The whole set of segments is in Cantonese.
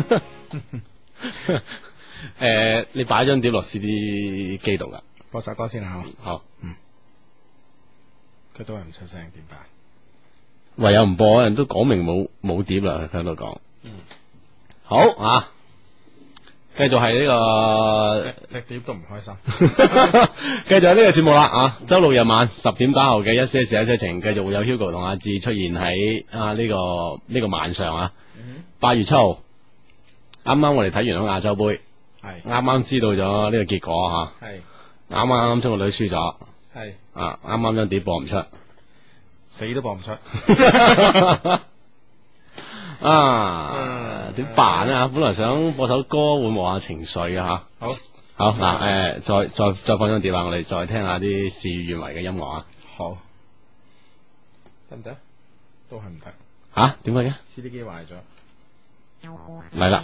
誒、 呃，你擺張碟落 C D 機度噶，播首歌先啦，嗯，好？佢、嗯、都係唔出聲，點解？唯有唔播，人都講明冇冇碟啦，佢喺度講。嗯，好啊，繼續係呢、呢個隻碟都唔開心。 繼續係呢個節目啦，啊，周六日晚十點打後嘅一些事一些情，繼續會有 Hugo 同阿志出現喺啊呢個呢個晚上啊，八月七號。啱啱我哋睇完咗亞洲盃，係啱啱知道咗呢個結果吓，係啱啱啱將個女輸咗，係是啊。啱啱張碟播唔出，死都播唔出 啊，啊，點辦啊？本來想播首歌緩和下情緒嘅吓。啊、好，好嗱，誒、啊嗯，再張再再放張碟啊，我哋再聽下啲事與願違嘅音樂啊，好，得唔得？都係唔得，吓？點解嘅？C D 機壞咗。來了。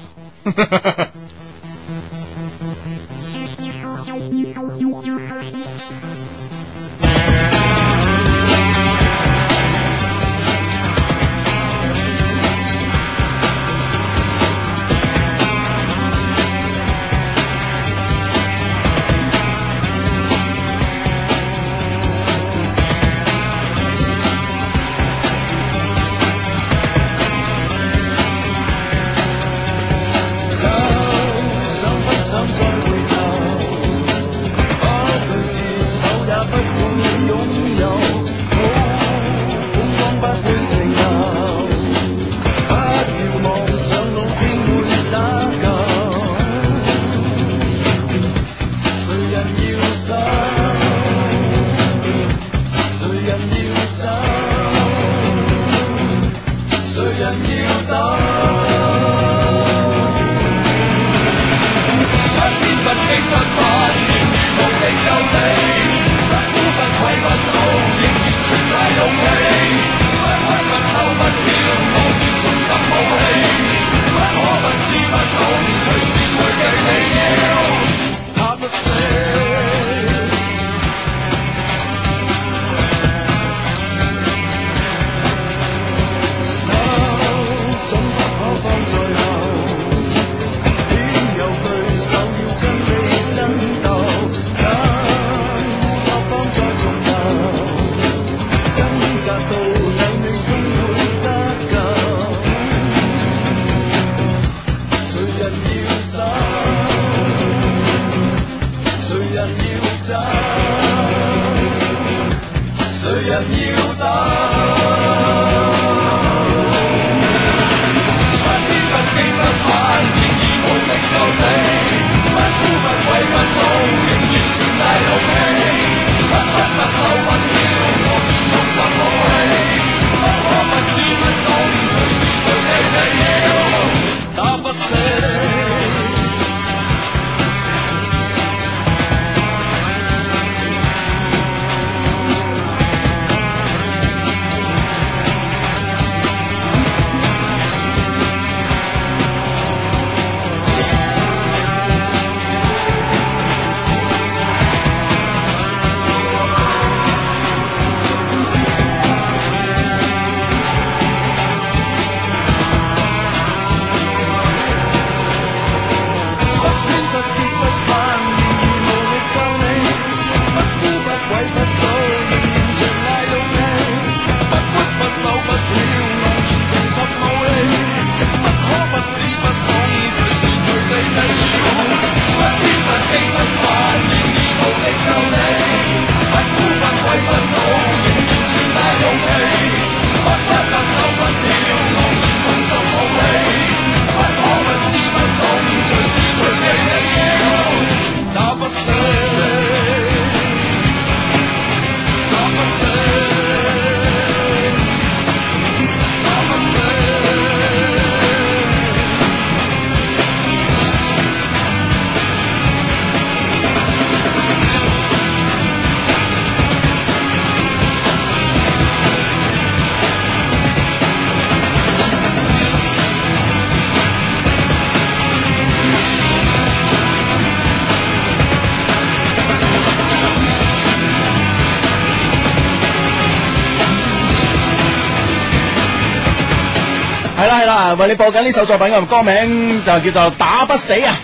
為你播緊呢首作品嘅歌名就叫做打不死啊，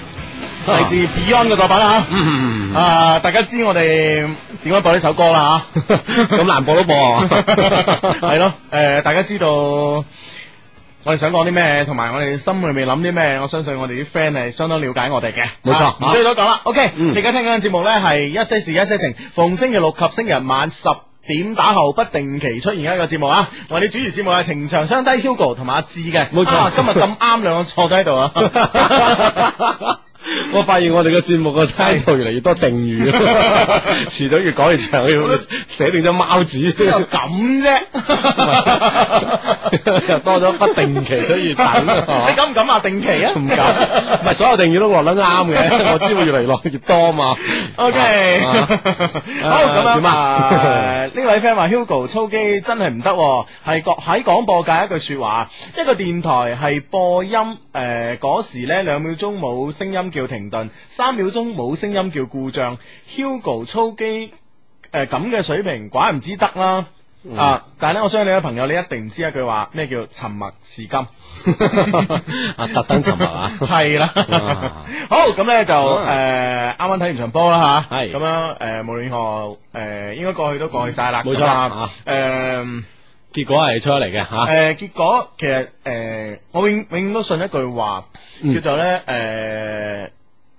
嚟自 Beyond 嘅作品啦吓，啊大家知我哋點解播呢首歌啦吓，咁難播都播，係咯，誒大家知道我哋想講啲咩，同埋我哋心裏面諗啲咩，我相信我哋啲 friend 係相當了解我哋嘅，冇錯，唔需要多講啦。OK，你而家聽緊嘅節目咧係一些事一些情，逢星期六及星期日晚十。點打後不定期出現一個節目啊！我哋主持節目係情場雙低 Hugo 同埋阿志嘅，冇錯錯、啊啊。今日咁啱兩個坐喺度。啊。 我發現我哋嘅節目個 title 越嚟越多定語，遲咗 越講越長，要寫定咗貓紙。咁啫，又 多咗不定期，所以等你敢唔敢啊？定期啊？唔敢，唔係所有定語都落得啱嘅，我知會越嚟越落得越多嘛。OK，好咁樣。誒，呢、呃、位 friend 話 Hugo 操機真係唔得，係喺廣播界一句說話，一個電台係播音誒嗰、呃、時咧兩秒鐘冇聲音。叫停頓，三秒鐘冇聲音叫故障。Hugo 操機誒咁嘅水平，鬼唔知得啦、啊嗯啊。但係咧，我相信你咧，朋友你一定唔知一句話咩叫沉默是金。 啊，特登沉默啊。係 啦，嗯啊、好咁咧就誒，啱啱睇完場波啦吓，係咁樣誒、呃，無論如何誒，應該過去都過去晒啦，冇錯啊，誒錯。嗯嗯結果係出嚟嘅吓，誒、啊呃，結果其實誒、呃，我永永遠都信一句話，嗯、叫做咧，誒、呃，誒、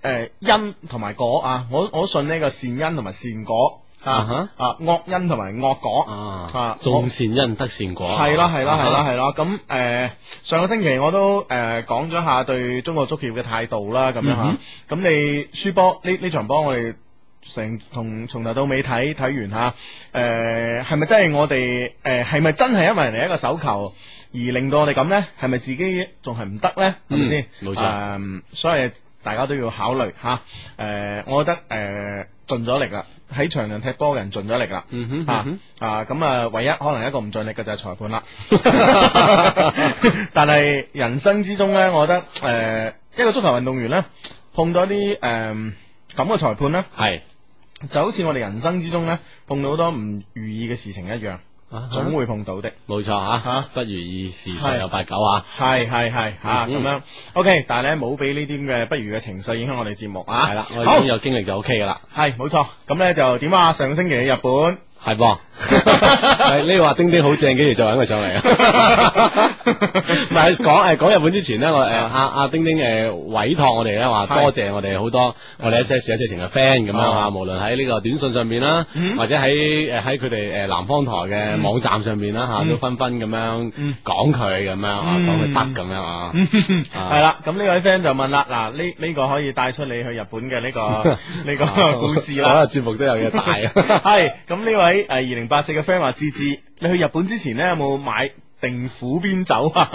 呃，因同埋果啊，我我信呢個善因同埋善果啊哈，啊，惡因同埋惡果啊，啊，種善因得善果，係啦係啦係啦係啦，咁誒，上個星期我都誒講咗下對中國足協嘅態度啦，咁樣吓，咁你輸波呢呢場波我哋。成同從頭到尾睇睇完吓，誒係咪真係我哋誒係咪真係因為人哋一個手球而令到我哋咁咧？係咪自己仲係唔得咧？係咪先？冇錯、呃、所以大家都要考慮吓。誒、呃，我覺得誒盡咗力啦，喺場上踢波嘅人盡咗力啦、嗯。嗯哼，啊啊咁啊，唯一可能一個唔盡力嘅就係裁判啦。 但係人生之中咧，我覺得誒、呃、一個足球運動員咧，碰到啲誒。嗯咁個裁判呢，係是就好似我哋人生之中呢，碰到好多唔如意嘅事情一樣，啊啊、總會碰到的。冇錯啊，啊不如意事十有八九啊。係係係啊，咁、嗯、樣。O、okay, K，但係咧冇俾呢啲咁嘅不如嘅情緒影響我哋節目啊。係啦是，我哋已經有經歷就 O K 噶啦。係好，冇錯。咁呢就點啊？上個星期嘅日本。係噃，係呢個話丁丁好正，跟住再揾佢上嚟啊？唔係講誒講日本之前咧，我誒阿阿丁丁誒委託我哋咧話多謝我哋好多我哋一些事一些情嘅 friend 咁樣吓無論喺呢個短信上面啦，或者喺誒喺佢哋誒南方台嘅網站上面啦吓，都紛紛咁樣講佢咁樣啊，講佢得咁樣啊，係啦，咁呢位 friend 就問啦，嗱呢呢個可以帶出你去日本嘅呢個呢個故事啦，所有節目都有嘢帶，係咁呢位。喺誒，二零八四嘅 friend 話：志志，你去日本之前咧，有冇買？定府邊走啊！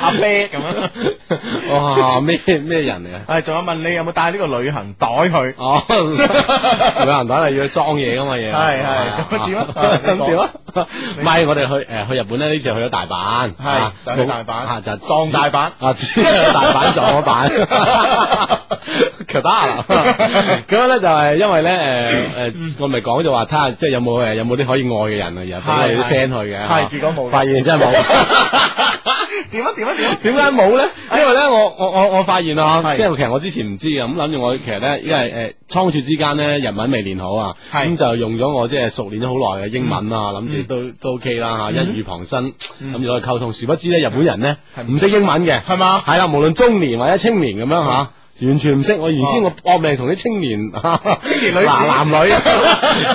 阿啤咁樣哇咩咩人嚟啊？係仲有問你有冇帶呢個旅行袋去？哦，旅行袋係要去裝嘢咁嘅嘢？係係咁點啊？唔係我哋去誒去日本咧，呢次去咗大阪，係去大阪吓就裝大阪啊，大阪撞咗板，強大啦！咁樣咧就係因為咧誒誒，我咪講就話睇下即係有冇誒有冇啲可以愛嘅人啊？而去嘅，係結果冇發現，真係冇。點啊點啊點點解冇咧？因為咧，我我我我發現啊，即係其實我之前唔知啊。咁諗住我其實咧，因為誒倉鼠之間咧日文未練好，啊，咁就用咗我即係熟練咗好耐嘅英文，啊。諗住都都 OK 啦吓，一語旁身，咁原來溝通，殊不知咧日本人咧唔識英文嘅，係嘛，係啦，無論中年或者青年咁樣吓。完全唔識我，原先我搏命同啲青年，青年女，嗱，男女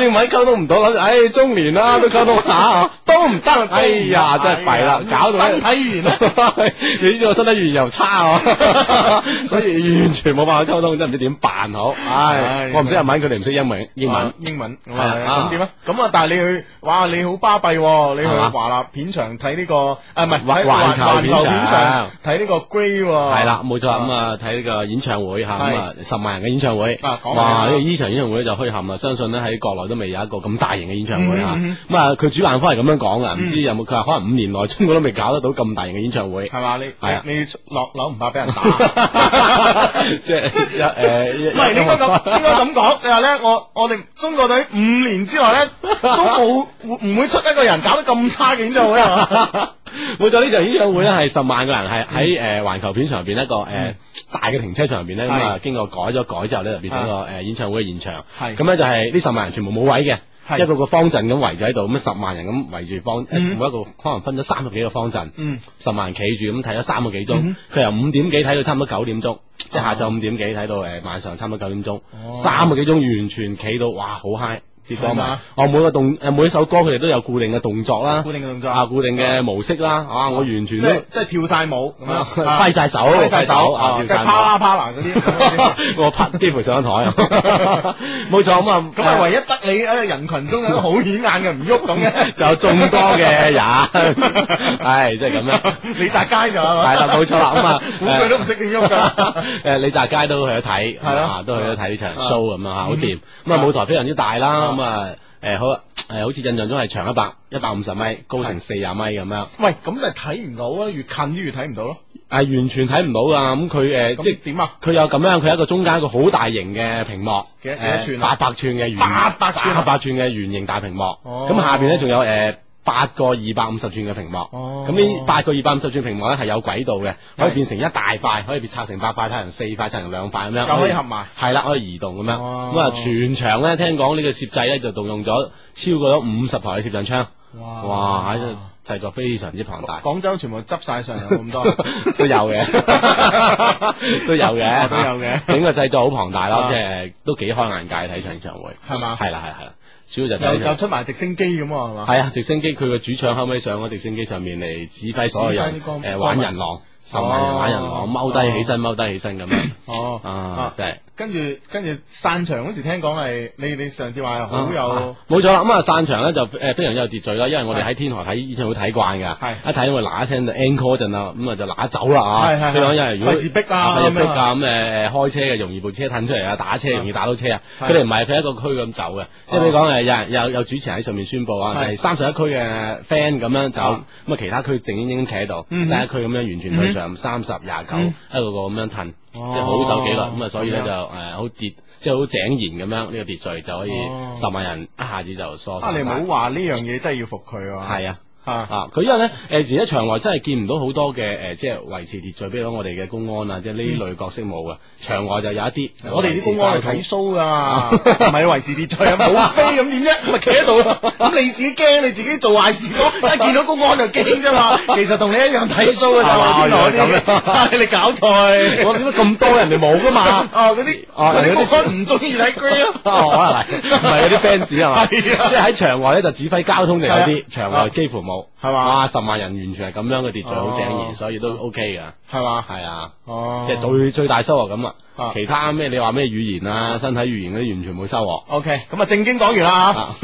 英文溝通唔到，唉中年啦都溝通打啊都唔得，哎呀真係弊啦，搞到睇完啦，你知我身體語言又差啊，所以完全冇辦法溝通，真唔知點辦好，唉我唔識日文，佢哋唔識英文，英文英文咁啊點啊？咁啊但係你去，哇你好巴閉，你去華納片場睇呢個，啊唔係環球片場睇呢個 Grey 係啦，冇錯咁啊睇呢個演唱唱會吓咁啊，十萬人嘅演唱會，哇！呢場演唱會咧就虛憾啊，相信咧喺國內都未有一個咁大型嘅演唱會啊。咁啊，佢主辦方係咁樣講啊，唔知有冇？佢話可能五年內中國都未搞得到咁大型嘅演唱會，係嘛？你係啊，你落樓唔怕俾人打，即係誒，唔係你應該咁，應該咁講。你話咧，我我哋中國隊五年之內咧都冇唔會出一個人搞得咁差嘅演唱會啊？冇錯，呢場演唱會咧係十萬個人係喺誒環球片場入邊一個誒大嘅停車場入邊咧咁啊，是經過改咗改之後咧就變成一個誒演唱會嘅現場。係咁咧就係呢十萬人全部冇位嘅，是一個個方陣咁圍住喺度，咁十萬人咁圍住方，嗯、每一個可能分咗三十幾個方陣，嗯、十萬人企住咁睇咗三個幾鐘，佢、嗯、由五點幾睇到差唔多九點鐘，嗯、即係下晝五點幾睇到誒晚上差唔多九點鐘，嗯、三個幾鐘完全企到，哇，好嗨！結我每個動誒，每一首歌佢哋都有固定嘅動作啦，固定嘅動作啊，固定嘅模式啦，啊，我完全即即係跳晒舞咁樣揮晒手，揮手啊，啪啦啪啦啲，我拍幾乎上台啊，冇錯咁啊，咁係唯一得你喺人群中好顯眼嘅唔喐咁嘅，就有眾多嘅人，係即係咁樣，李澤佳就係啦，冇錯啦，咁啊，估計都唔識點喐噶啦，誒，李澤佳都去咗睇，係咯，都去咗睇場 show 咁啊，好掂，咁啊舞台非常之大啦。誒、嗯，好誒，好似印象中係長一百一百五十米，高成四十米咁樣。喂，咁就睇唔到咯，越近啲越睇唔到咯。係、啊、完全睇唔到噶，咁佢誒，呃、那即係點啊？佢有咁樣，佢有一個中間一個好大型嘅屏幕，幾幾多寸啊？八、啊、百、呃、寸嘅圓八百寸八、啊、百寸嘅圓形大屏幕，咁、哦嗯、下邊咧仲有誒。呃八個二百五十寸嘅屏幕。咁呢八個二百五十寸屏幕咧係有軌道嘅，可以變成一大塊，可以拆成八塊、拆成四塊、拆成兩塊咁樣，可以合埋，係啦，可以移動咁樣。咁啊全場咧聽講呢個設計咧就動用咗超過咗五十台嘅攝像槍，哇喺度製作非常之龐大。廣州全部執晒上嚟，咁多都有嘅，都有嘅，都有嘅，整個製作好龐大咯。即係都幾開眼界睇場演唱會，係嘛？係啦係係啦。主要就又又出埋直升機咁啊，係嘛？係啊，直升機，佢個主唱後尾上咗直升機上面嚟指揮所有人誒、呃、玩人狼，所有人文、啊、玩人狼踎低起身踎低起身咁樣哦，下啊即係。跟住跟住散場嗰時聽講係你你上次話好有冇錯啦咁啊散場咧就誒非常之有秩序啦，因為我哋喺天河睇演唱會睇慣噶，一睇我嗱一聲就 e n call 陣啦，咁啊就嗱走啦啊，佢係講有人如果自逼啊，咁誒誒開車嘅容易部車褪出嚟啊，打車容易打到車啊，佢哋唔係佢一個區咁走嘅，即係你講誒有人有有主持人喺上面宣布啊，係三十一區嘅 fan 咁樣走，咁啊其他區靜靜咁企喺度，十一區咁樣完全退場，三十廿九一個個咁樣褪，即係好守紀律，咁啊所以咧就。誒，好、嗯、跌，即係好井然咁樣，呢個秩序就可以十萬人一下子就疏晒。啊。你唔好話呢樣嘢真係要服佢啊！係 啊。啊啊！佢因為咧，誒，而喺場外真係見唔到好多嘅，誒，即係維持秩序，比如我哋嘅公安啊，即係呢類角色冇嘅。場外就有一啲，我哋啲公安係睇 show 噶，唔係維持秩序啊，冇飛咁點啫，咪企喺度咯。咁你自己驚，你自己做壞事講，一見到公安就驚啫嘛。其實同你一樣睇 show 嘅，原來咁嘅，但係你搞錯，我點解咁多人哋冇噶嘛？嗰啲，哦，嗰啲公安唔中意睇 green 咯，哦，唔係，唔係嗰啲 fans 係嘛？即係喺場外咧就指揮交通就有啲，場外幾乎冇。係嘛？哇！十萬人完全係咁樣嘅秩序，好井然，所以都 OK 噶。係嘛？係啊。哦，其實最最大收穫咁啊！其他咩？你話咩語言啊？身體語言都完全冇收穫。OK。咁啊，正經講完啦。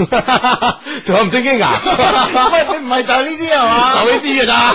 仲有唔正經噶？佢唔係就係呢啲係嘛？就呢啲噶咋？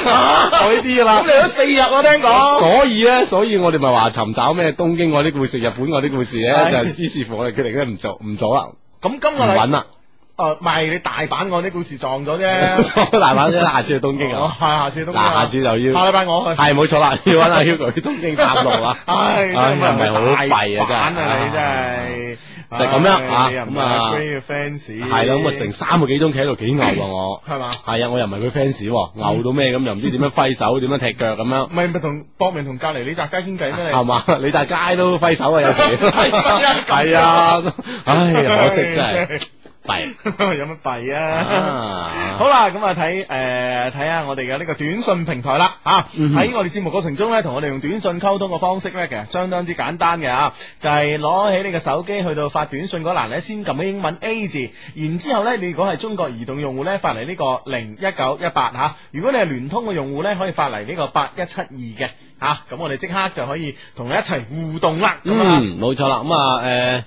就呢啲噶啦。咁嚟咗四日我聽講。所以咧，所以我哋咪話尋找咩東京嗰啲故事、日本嗰啲故事咧，就於是乎我哋決定咧唔做唔做啦。咁今日唔揾啦。哦，唔係你大阪我啲故事撞咗啫，大阪，啫，下次去東京啊，係下次東京，下次就要下禮拜我去，係冇錯啦，要搵阿 Hugo 去東京探路啊，唉，又唔係好弊啊，真係就咁啦，咁啊，Grey 嘅 fans 係啦，咁啊成三個幾鐘企喺度幾牛啊，我係嘛？係啊，我又唔係佢 fans，牛到咩咁，又唔知點樣揮手，點樣踢腳咁樣，係咪同博明同隔籬李澤佳傾偈咩？係嘛？李澤佳都揮手啊，有時係啊，唉，可惜真係。弊 有乜弊啊？啊好啦，咁啊睇誒睇下我哋嘅呢個短信平台啦吓。喺、啊嗯、哼我哋節目過程中呢，同我哋用短信溝通嘅方式呢，其實相當之簡單嘅啊，就係、是、攞起你個手機去到發短信嗰欄呢，先撳英文 A 字，然之後咧，你如果係中國移動用戶呢，發嚟呢個零一九一八吓；如果你係聯通嘅用戶呢，可以發嚟呢個八一七二嘅吓。咁、啊、我哋即刻就可以同你一齊互動啦。啊、嗯，冇錯啦。咁啊誒。呃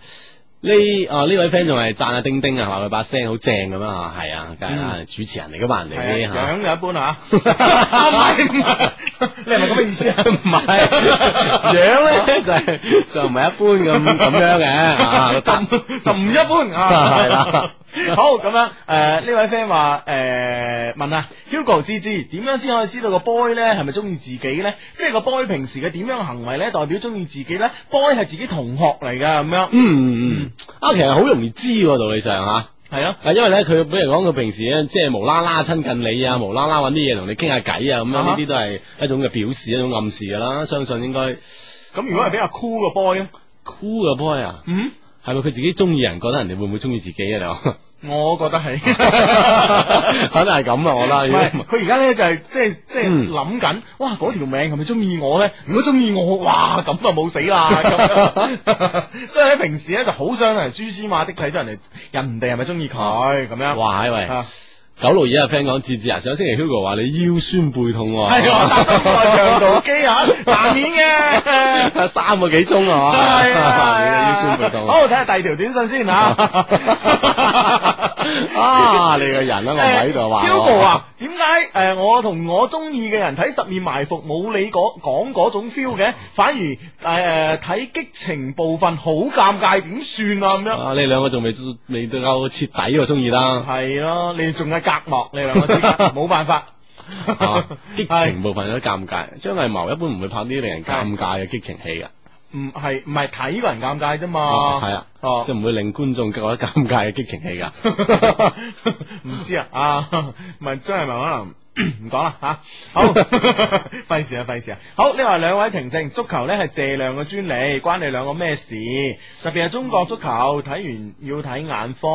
呢、哦、啊呢位 friend 仲係讚下丁丁啊，話佢把聲好正咁啊，係啊，梗係主持人嚟嘅嘛人哋，樣就的一般嚇，唔係，你係咪咁嘅意思啊？唔係，樣咧 就係、是、就唔、是、係一般咁咁樣嘅，真就唔一般啊。 好咁樣誒，呢、呃、位 friend 話誒問啊，Hugo 芝芝點樣先可以知道個 boy 咧係咪中意自己咧？即係個 boy 平時嘅點樣行為咧，代表中意自己咧？boy 係自己同學嚟㗎咁樣，嗯嗯啊，其實好容易知道理上吓，係啊，啊因為咧佢比如講佢平時咧即係無啦啦親近你,無無你聊聊啊，無啦啦揾啲嘢同你傾下偈啊，咁樣呢啲都係一種嘅表示，一種暗示噶啦。相信應該咁，嗯嗯嗯、如果係比較 cool 嘅 boy，cool 嘅 boy 啊，cool、的嗯。係咪佢自己中意人，覺得人哋會唔會中意自己啊？你話我覺得係，肯定係咁啊！我諗佢而家咧就係即係即係諗緊，就是就是嗯、哇！嗰條命係咪中意我咧？如果中意我，哇！咁啊冇死啦！咁 所以咧平時咧就好想人蛛絲馬跡睇、就是、出人哋，人哋係咪中意佢咁樣？哇！唉喂、啊！喂九六二啊，聽講節節啊，上星期 Hugo 話你腰酸背痛，係啊，長途機啊，難免嘅，三個幾鐘啊，係啊，腰酸背痛。好，我睇下第二條短信先吓，啊，你個人啊，我喺度話，Hugo 啊，點解誒我同我中意嘅人睇十面埋伏冇你嗰講嗰種 feel 嘅，反而誒誒睇激情部分好尷尬，點算啊咁樣？啊，你兩個仲未未到夠徹底中意啦，係咯，你仲係。隔膜，你兩個冇辦法。激情部分有啲尷尬。張藝謀一般唔會拍啲令人尷尬嘅激情戲噶。嗯，係唔係睇個人尷尬啫嘛？係啊，哦、啊，即係唔會令觀眾覺得尷尬嘅激情戲噶。唔知啊，問張藝謀可能唔講啦吓。好，費事啊，費事啊。好，好你話兩位情聖足球咧係謝亮嘅專利，關你兩個咩事？特別係中國足球，睇完要睇眼科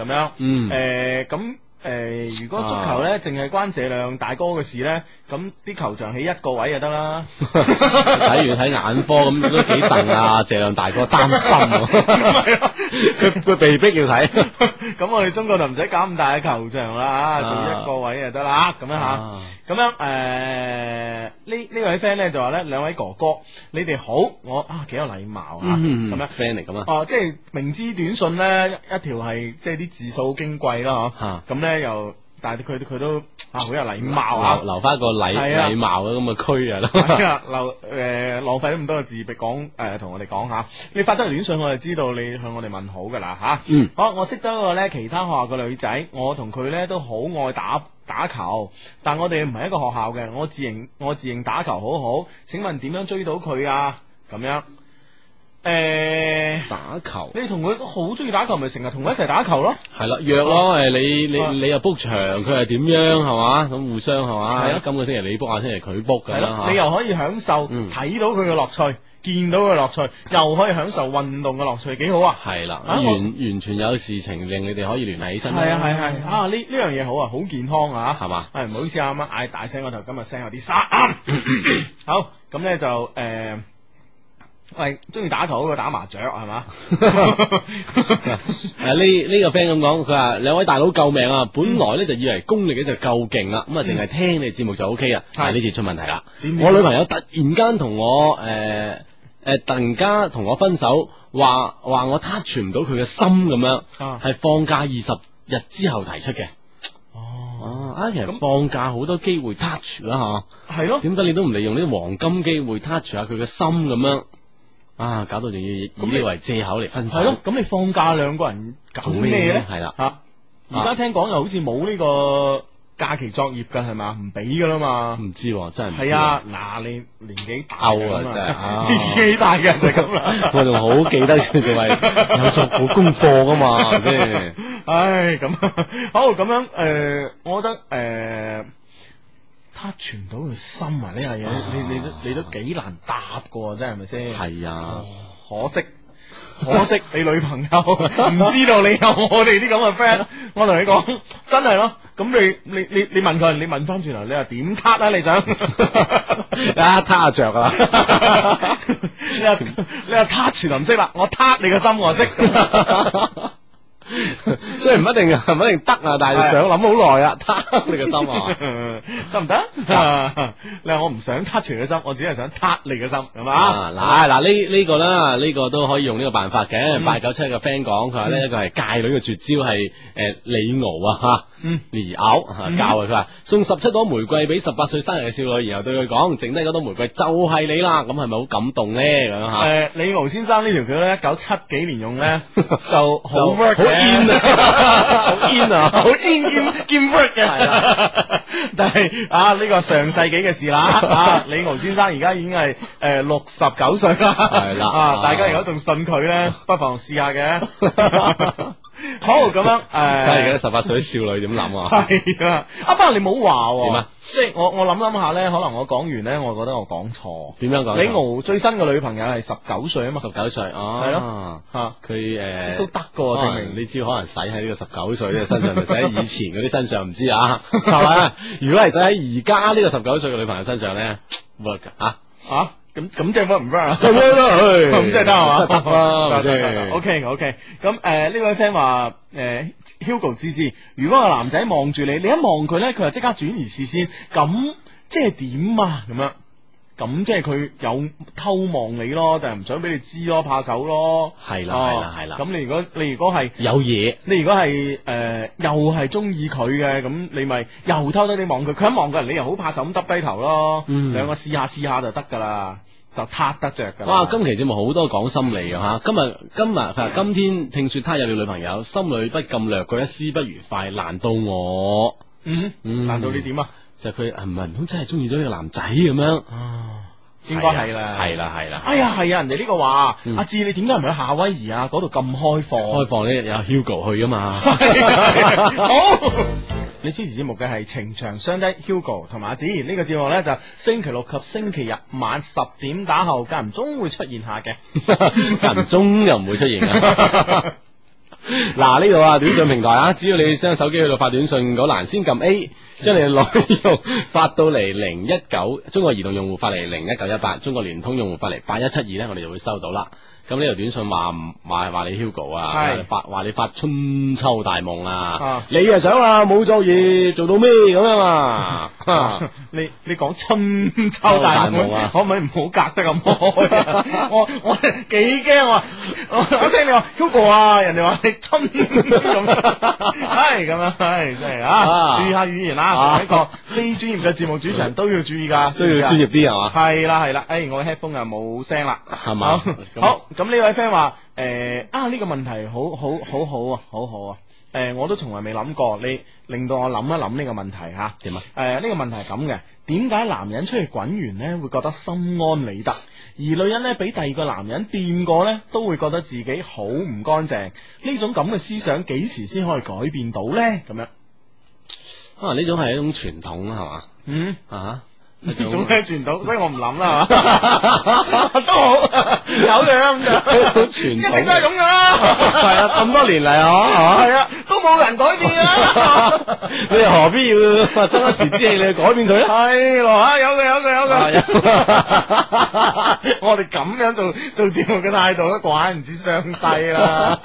咁樣。嗯、呃。誒，咁。誒，如果足球咧淨係關謝亮大哥嘅事咧，咁啲球場起一個位就得啦。睇完睇眼科咁都幾鄧啊！謝亮大哥擔心，佢佢被逼要睇。咁我哋中國就唔使搞咁大嘅球場啦，啊，做一個位就得啦，咁樣吓，咁樣誒，呢呢位 friend 咧就話咧，兩位哥哥，你哋好，我啊幾有禮貌啊，咁樣 friend 嚟噶嘛。哦，即係明知短信咧一條係即係啲字數好矜貴啦，吓咁咧。咧又，但係佢佢都啊好有禮貌，啊，有禮啊留翻個禮禮、啊、貌嘅咁嘅區啊，留誒、呃、浪費咗咁多字俾講誒，同、呃、我哋講下，你發得短信我就知道你向我哋問好噶啦吓，啊、嗯，好，我識得個咧其他學校個女仔，我同佢咧都好愛打打球，但我哋唔係一個學校嘅，我自認我自認打球好好，請問點樣追到佢啊？咁樣。誒，打球，你同佢好中意打球，咪成日同佢一齊打球咯。係啦，約咯，誒，你你你又 book 場，佢係點樣係嘛，咁互相係嘛，係咯。今個星期你 book，下星期佢 book 噶啦，你又可以享受睇到佢嘅樂趣，見到佢嘅樂趣，又可以享受運動嘅樂趣，幾好啊！係啦，完完全有事情令你哋可以聯繫起身。係啊，係係，呢呢樣嘢好啊，好健康啊，係嘛。係，唔好意思啊，啱啱嗌大聲嗰頭今日聲有啲沙。好，咁咧就誒。喂，中意打台嗰個打麻雀係嘛？誒，呢呢個 friend 咁講，佢話兩位大佬救命啊！本來咧就以為功力咧就夠勁啦，咁啊，淨係聽你節目就 O K 啦，係呢次出問題啦。我女朋友突然間同我誒誒突然間同我分手，話話我 touch 唔到佢嘅心咁樣，係放假二十日之後提出嘅。哦，啊，其實放假好多機會 touch 啦吓，係咯，點解你都唔利用啲黃金機會 touch 下佢嘅心咁樣？啊！搞到仲要以你為借口嚟分手係咯。咁你放假兩個人搞咩咧？係啦。而家聽講又好似冇呢個假期作業噶係嘛？唔俾噶啦嘛？唔知、喔，真係係啊！嗱，你年紀大啊，真係年紀大嘅就咁啦。我仲好記得佢哋係有做過功課噶嘛？即、就、先、是。唉，咁好咁樣誒、呃，我覺得誒。呃他傳到佢心啊！呢樣嘢你你都你，你，你都幾難答噶真係咪先？係啊，哦、可惜可惜你女朋友唔知道你有我哋啲咁嘅 friend。我同你講真係咯，咁你你你你問佢，你問翻轉頭，你又點撻啊？你想啊撻 就着啦。 你話你話撻傳唔識啦，我撻你個心我識。 雖然唔一定唔一定得啊，但係想諗好耐啊，撻你嘅心，啊，得唔得？你話我唔想撻除你嘅心，我只係想撻你嘅心，係嘛？嗱嗱呢呢個咧，呢個都可以用呢個辦法嘅。八九七嘅 friend 講佢話咧，佢係界女嘅絕招係誒李敖啊吓，李敖教佢話送十七朵玫瑰俾十八歲生日嘅少女，然後對佢講，剩低嗰朵玫瑰就係你啦，咁係咪好感動咧？咁樣吓？誒，李敖先生呢條橋咧，一九七幾年用咧就好堅 In 啊，好堅 啊，好堅堅堅 work 嘅係啦， 但係啊呢、這個上世紀嘅事啦，啊李敖先生而家已經係誒六十九歲啦，係、呃、啦， 啊，啊大家如果仲信佢咧， 不妨試下嘅。 好，咁樣誒，睇下而家十八歲少女點諗啊？係 啊，阿方你冇話點啊？啊即係我我諗諗下咧，可能我講完咧，我覺得我講錯。點樣講？李敖最新嘅女朋友係十九歲啊嘛。十九歲哦，係咯吓，佢誒、啊呃、都得噶、啊，嗯、明明你知可能使喺呢個十九歲嘅身上，使喺 以前嗰啲身上唔知啊，係咪？ 如果係使喺而家呢個十九歲嘅女朋友身上咧，work 噶啊啊！啊咁咁即係唔唔得啊！咁即係得係嘛？得啦，得啦，OK OK。咁誒呢位 friend 話，誒 Hugo 芝芝，如果個男仔望住你，你一望佢咧，佢就即刻轉移視線。咁即係點啊？咁樣。咁即係佢有偷望你咯，但係唔想俾你知咯，怕醜咯。係啦，係啦，係啦。咁、啊、你如果你如果係有嘢，你如果係誒野、呃、又係中意佢嘅，咁你咪又偷偷地望佢，佢一望個人，你又好怕手咁耷低頭咯。兩、嗯、個試下試下就得噶啦，就撻得着噶。哇！今期節目好多講心理嘅吓，今日今日今天，今天、嗯、聽說他有了女朋友，心裏不禁掠過一絲不愉快，難道我？嗯，難道你點啊？就佢唔係，唔通真係中意咗呢個男仔咁樣？應該係啦，係啦係啦，哎呀係啊，啦人哋呢個話，阿志、嗯啊、你點解唔去夏威夷啊？嗰度咁開放，開放咧有 Hugo 去啊嘛， 好，你支持節目嘅係情場相低，Hugo 同埋阿志呢個節目咧就是、星期六及星期日晚十點打後，間唔中會出現下嘅，間唔 中又唔會出現。 嗱呢度啊，短信平台啊，只要你將手機去到發短信嗰欄先撳 A，將你嘅內容發到嚟零一九，中國移動用戶發嚟零一九一八，中國聯通用戶發嚟八一七二咧，我哋就會收到啦。咁呢條短信話唔話話你 Hugo 啊，發話你發春秋大夢啊，你啊想啊冇做嘢做到咩咁樣啊？你你講春秋大夢啊？可唔可以唔好隔得咁開？我我幾驚我，我聽你話 Hugo 啊，人哋話你春，係咁樣，唉真係啊，注意下語言啊，啦，一個非專業嘅節目主持人都要注意噶，都要專業啲係嘛？係啦係啦，唉我 headphone 啊冇聲啦，係嘛？好。咁呢位 friend 話誒啊呢、呢個問題好好好好啊好好啊誒、呃、我都從來未諗過，你令到我諗一諗呢個問題吓，誒呢、呃呢個問題係咁嘅，點解男人出去滾完咧會覺得心安理得，而女人咧俾第二個男人掂過咧都會覺得自己好唔乾淨？呢種咁嘅思想幾時先可以改變到呢？咁樣啊呢種係一種傳統啦，係嘛？嗯啊。Uh huh. 做咩轉到，所以我唔諗啦，都好有嘅咁就一直都係咁噶啦，係啊咁多年嚟啊，係啊都冇人改變啊，你何必要爭一時之氣去改變佢咧？係，有嘅有嘅有嘅，我哋咁樣做做節目嘅態度都怪唔知上帝啦。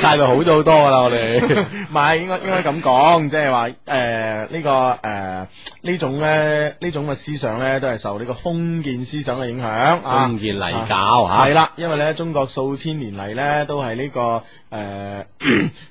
態度好咗好多噶啦，我哋唔係應該應該咁講，即係話誒呢個誒呢、呃、種咧呢、呃、種嘅思想咧，都係受呢個封建思想嘅影響。啊，封建嚟搞吓，係啦、啊，因為咧中國數千年嚟咧都係呢、個誒呢、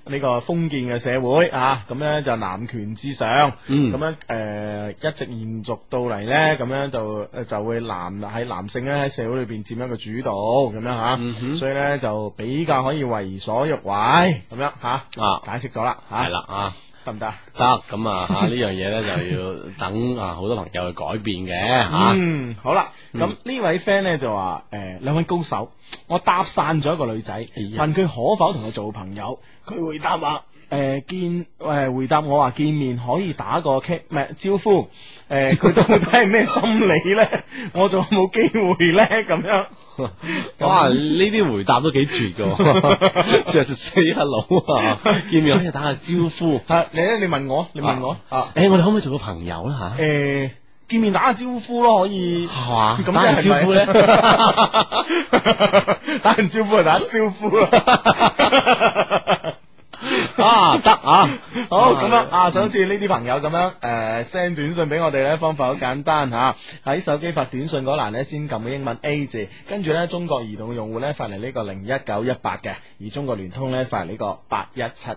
呃、 個封建嘅社會啊，咁咧就男權至上，咁、嗯、樣誒、呃、一直延續到嚟咧，咁樣就就會男喺男性咧喺社會裏邊佔一個主導咁樣吓，啊嗯、哼 所以咧就比較可以為所欲。喂，咁樣吓，解釋咗啦，係啦、啊，得唔得？得，咁啊呢 樣嘢咧就要等好多朋友去改變嘅吓。啊、嗯，好啦，咁、嗯嗯、呢位 friend 咧就話，誒、呃，兩位高手，我搭訕咗一個女仔，哎、呀問佢可否同佢做朋友，佢回答啊，誒、呃、見，誒、呃、回答我話見面可以打個 k，唔、呃、係招呼，誒佢到底係咩心理咧？我仲有冇機會咧，咁樣。哇！呢啲回答都幾絕嘅，著死下佬啊！見面可以打下招呼。你咧？你問我，你問我。誒，我哋可唔可以做個朋友啦？嚇！誒，見面打下招呼咯，可以。係嘛？咁係咪？打完招呼就打招呼啊！啊，得啊，好咁樣啊，上次呢啲朋友咁樣誒 send 短信俾我哋呢，方法好簡單吓，喺手機發短信嗰欄呢、啊、呢，先撳個英文 A 字，跟住呢中國移動嘅用戶呢，發嚟呢個零一九一八嘅，而中國聯通呢，發嚟呢個八一七二。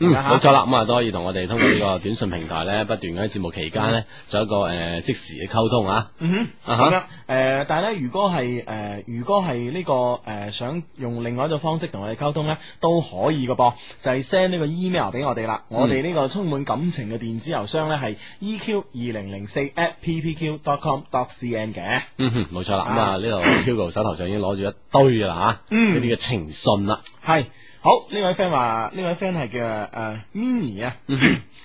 嗯，冇錯啦，咁啊都可以同我哋通過呢個短信平台呢，不斷喺節目期間呢，嗯、做一個誒、呃、即時嘅溝通啊。嗯哼，啊誒、uh huh. 嗯呃，但係呢，如果係誒、呃、如果係呢、這個誒、呃、想用另外一種方式同我哋溝通呢，都可以嘅噃。就係 send 呢個 email 俾我哋啦，我哋呢個充滿感情嘅電子郵箱咧係 e.q. 二零零四 at p p q dot com dot cn 嘅，嗯哼，冇錯啦，咁啊呢度 Hugo 手頭上已經攞住一堆噶啦吓，嗯，呢啲嘅情信啦，係。好呢位 friend 話呢位 friend 係叫誒 Minnie 啊，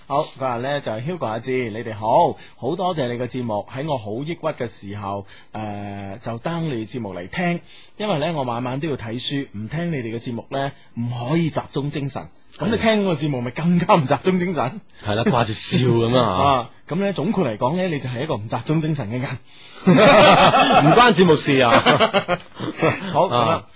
好佢話咧就係 Hugo 阿志，你哋好好多謝你嘅節目喺我好抑鬱嘅時候誒就當你節目嚟聽，因為咧我晚晚都要睇書，唔聽你哋嘅節目咧唔可以集中精神，咁你聽嗰個節目咪更加唔集中精神？係啦，掛住笑咁啊，咁咧總括嚟講咧，你就係一個唔集中精神嘅人，唔關節目事啊，好啊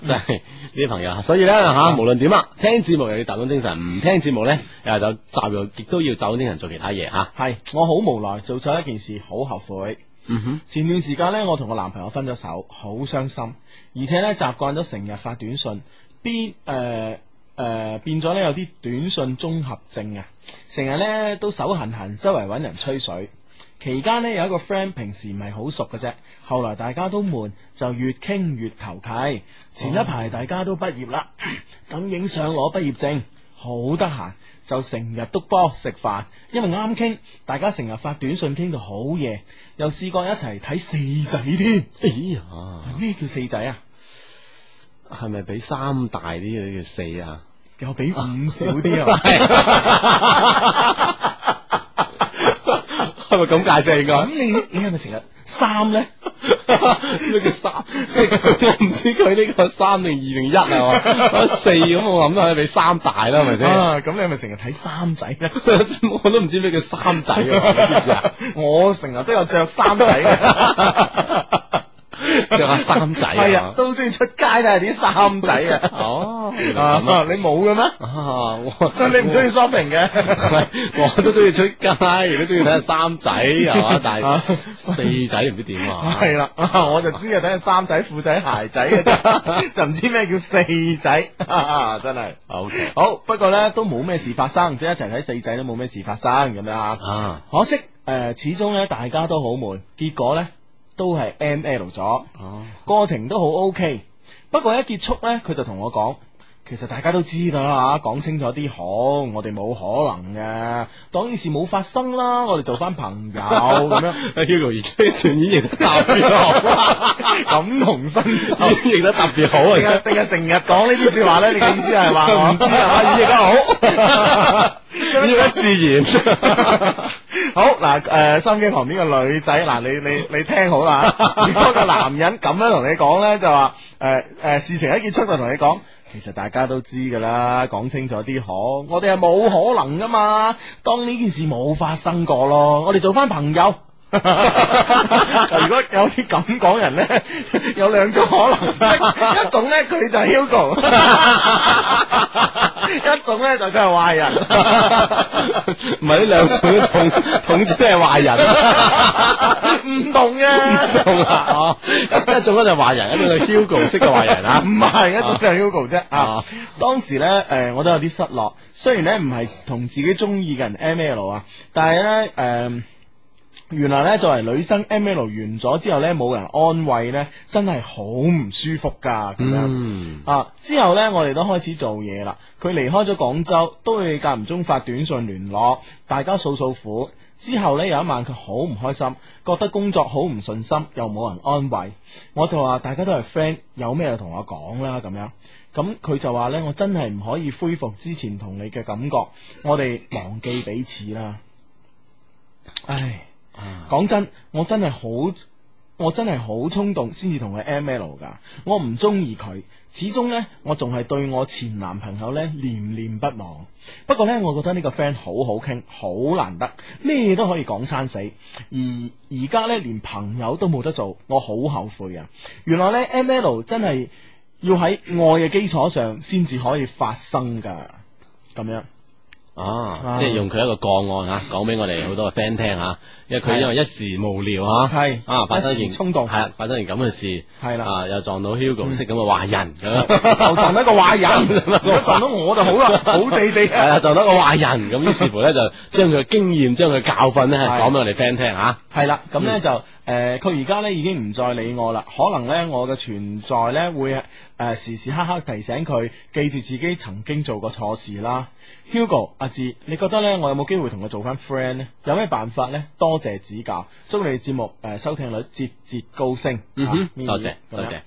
真係。呢啲朋友，所以咧吓，嗯、無論點啊，聽節目又要集中精神，唔聽節目呢，又就集又亦都要集中精神做其他嘢吓。係、啊，我好無奈，做錯一件事好後悔。嗯哼，前段時間呢，我同我男朋友分咗手，好傷心，而且呢，習慣咗成日發短信，變誒誒、呃呃、變咗呢，有啲短信綜合症啊，成日呢，都手痕痕，周圍揾人吹水。期間呢，有一個 friend，平時唔係好熟嘅啫，後來大家都悶，就越傾越投契。前一排大家都畢業啦，咁、哦、 影相攞畢業證，好得閒就成日督波食飯，因為啱傾，大家成日發短信傾到好夜，又試過一齊睇四仔添。哎呀，咩叫四仔啊？係咪比三大啲你叫四啊？又比五少啲啊？ 係咪咁解釋、嗯、你噶？咁你你係咪成日三咧？咩叫 三？即係我唔知佢呢個三定二定一係嘛？四，咁我諗都你比三大啦，係咪先？咁你係咪成日睇三仔咧？我都唔知咩叫三仔啊！知唔知啊？我成日都有着三仔。 着下衫仔啊，都中意出街睇下啲三仔啊。哦，咁啊，嗯、你冇嘅咩？啊，你唔中意 shopping 嘅？我都中意出街，亦都中意睇下三仔，係嘛？但係四仔唔知點啊？係啦，我就只係睇下三仔、褲仔、鞋仔嘅啫， 就唔知咩叫四仔，啊、真係。好，Okay. 好，不過咧都冇咩事發生，即一齊睇四仔都冇咩事發生咁樣啊。可惜誒、呃，始終咧大家都好悶，結果咧。都係 ML 咗，過程都好 OK，不過一結束咧，佢就同我講。其實大家都知道啦吓，講清楚啲好，我哋冇可能嘅，當件事冇發生啦，我哋做翻朋友咁樣。呢個已經演繹得特別好，感同身受，演繹得特別好。定係成日講呢啲說話咧？你嘅意思係話唔知啊？演繹得好，要得自然。好嗱，誒，收音機旁邊嘅女仔，嗱，你你你聽好啦。如果個男人咁樣同你講咧，就話誒誒，事情一結束就同你講。其實大家都知噶啦，講清楚啲可，我哋係冇可能噶嘛，當呢件事冇發生過咯，我哋做翻朋友。 如果有啲咁講人咧，有兩種可能，一種咧，佢就係 Hugo，一種咧就真係壞人。唔係， 呢兩種統，總之都係壞人。唔 同嘅的，唔同啦哦、 啊，一種咧就壞人，一種就 Hugo 式嘅壞人啊。唔係， 一種就 Hugo 啫、啊。啊，啊，當時咧，誒、呃，我都有啲失落。雖然咧唔係同自己中意嘅人 ML 啊，但係咧，誒。原來咧，作為女生，M L 完咗之後咧，冇人安慰咧，真係好唔舒服噶咁樣、嗯、啊！之後咧，我哋都開始做嘢啦。佢離開咗廣州，都會間唔中發短信聯絡，大家訴訴苦。之後咧，有一晚佢好唔開心，覺得工作好唔順心，又冇人安慰。我就話大家都係 friend，有咩就同我講啦咁樣。咁佢就話咧，我真係唔可以恢復之前同你嘅感覺，我哋忘記彼此啦。唉。啊，講真，我真係好，我真係好衝動先至同佢 M L 噶，我唔中意佢，始終呢，我仲係對我前男朋友呢念念不忘。不過呢，我覺得呢個 friend 好好傾，好難得，咩都可以講餐死。而而家呢，連朋友都冇得做，我好後悔啊！原來呢，M L 真係要喺愛嘅基礎上先至可以發生噶，咁樣。哦，啊、即係用佢一個個案吓，講俾我哋好多嘅 friend 聽吓，因為佢因為一時無聊吓，係的啊發生完衝動，係啊發生完咁嘅事，係啦的、啊，又撞到 Hugo，唔識咁嘅壞人，又撞到一個壞人，如果撞到我就好啦，好地地、啊，係啦撞到個壞人，咁於是乎咧就將佢嘅經驗，將佢嘅教訓咧係講俾我哋 friend 聽吓，係、啊、啦，咁咧就。嗯誒，佢而家咧已經唔再理我啦，可能咧我嘅存在咧會誒時時刻刻提醒佢記住自己曾經做過錯事啦。Hugo 阿志，你覺得咧我有冇機會同佢做翻 friend 咧？有咩辦法咧？多謝指教，祝你哋節目誒收聽率節節高升。嗯哼，啊，多謝多謝。來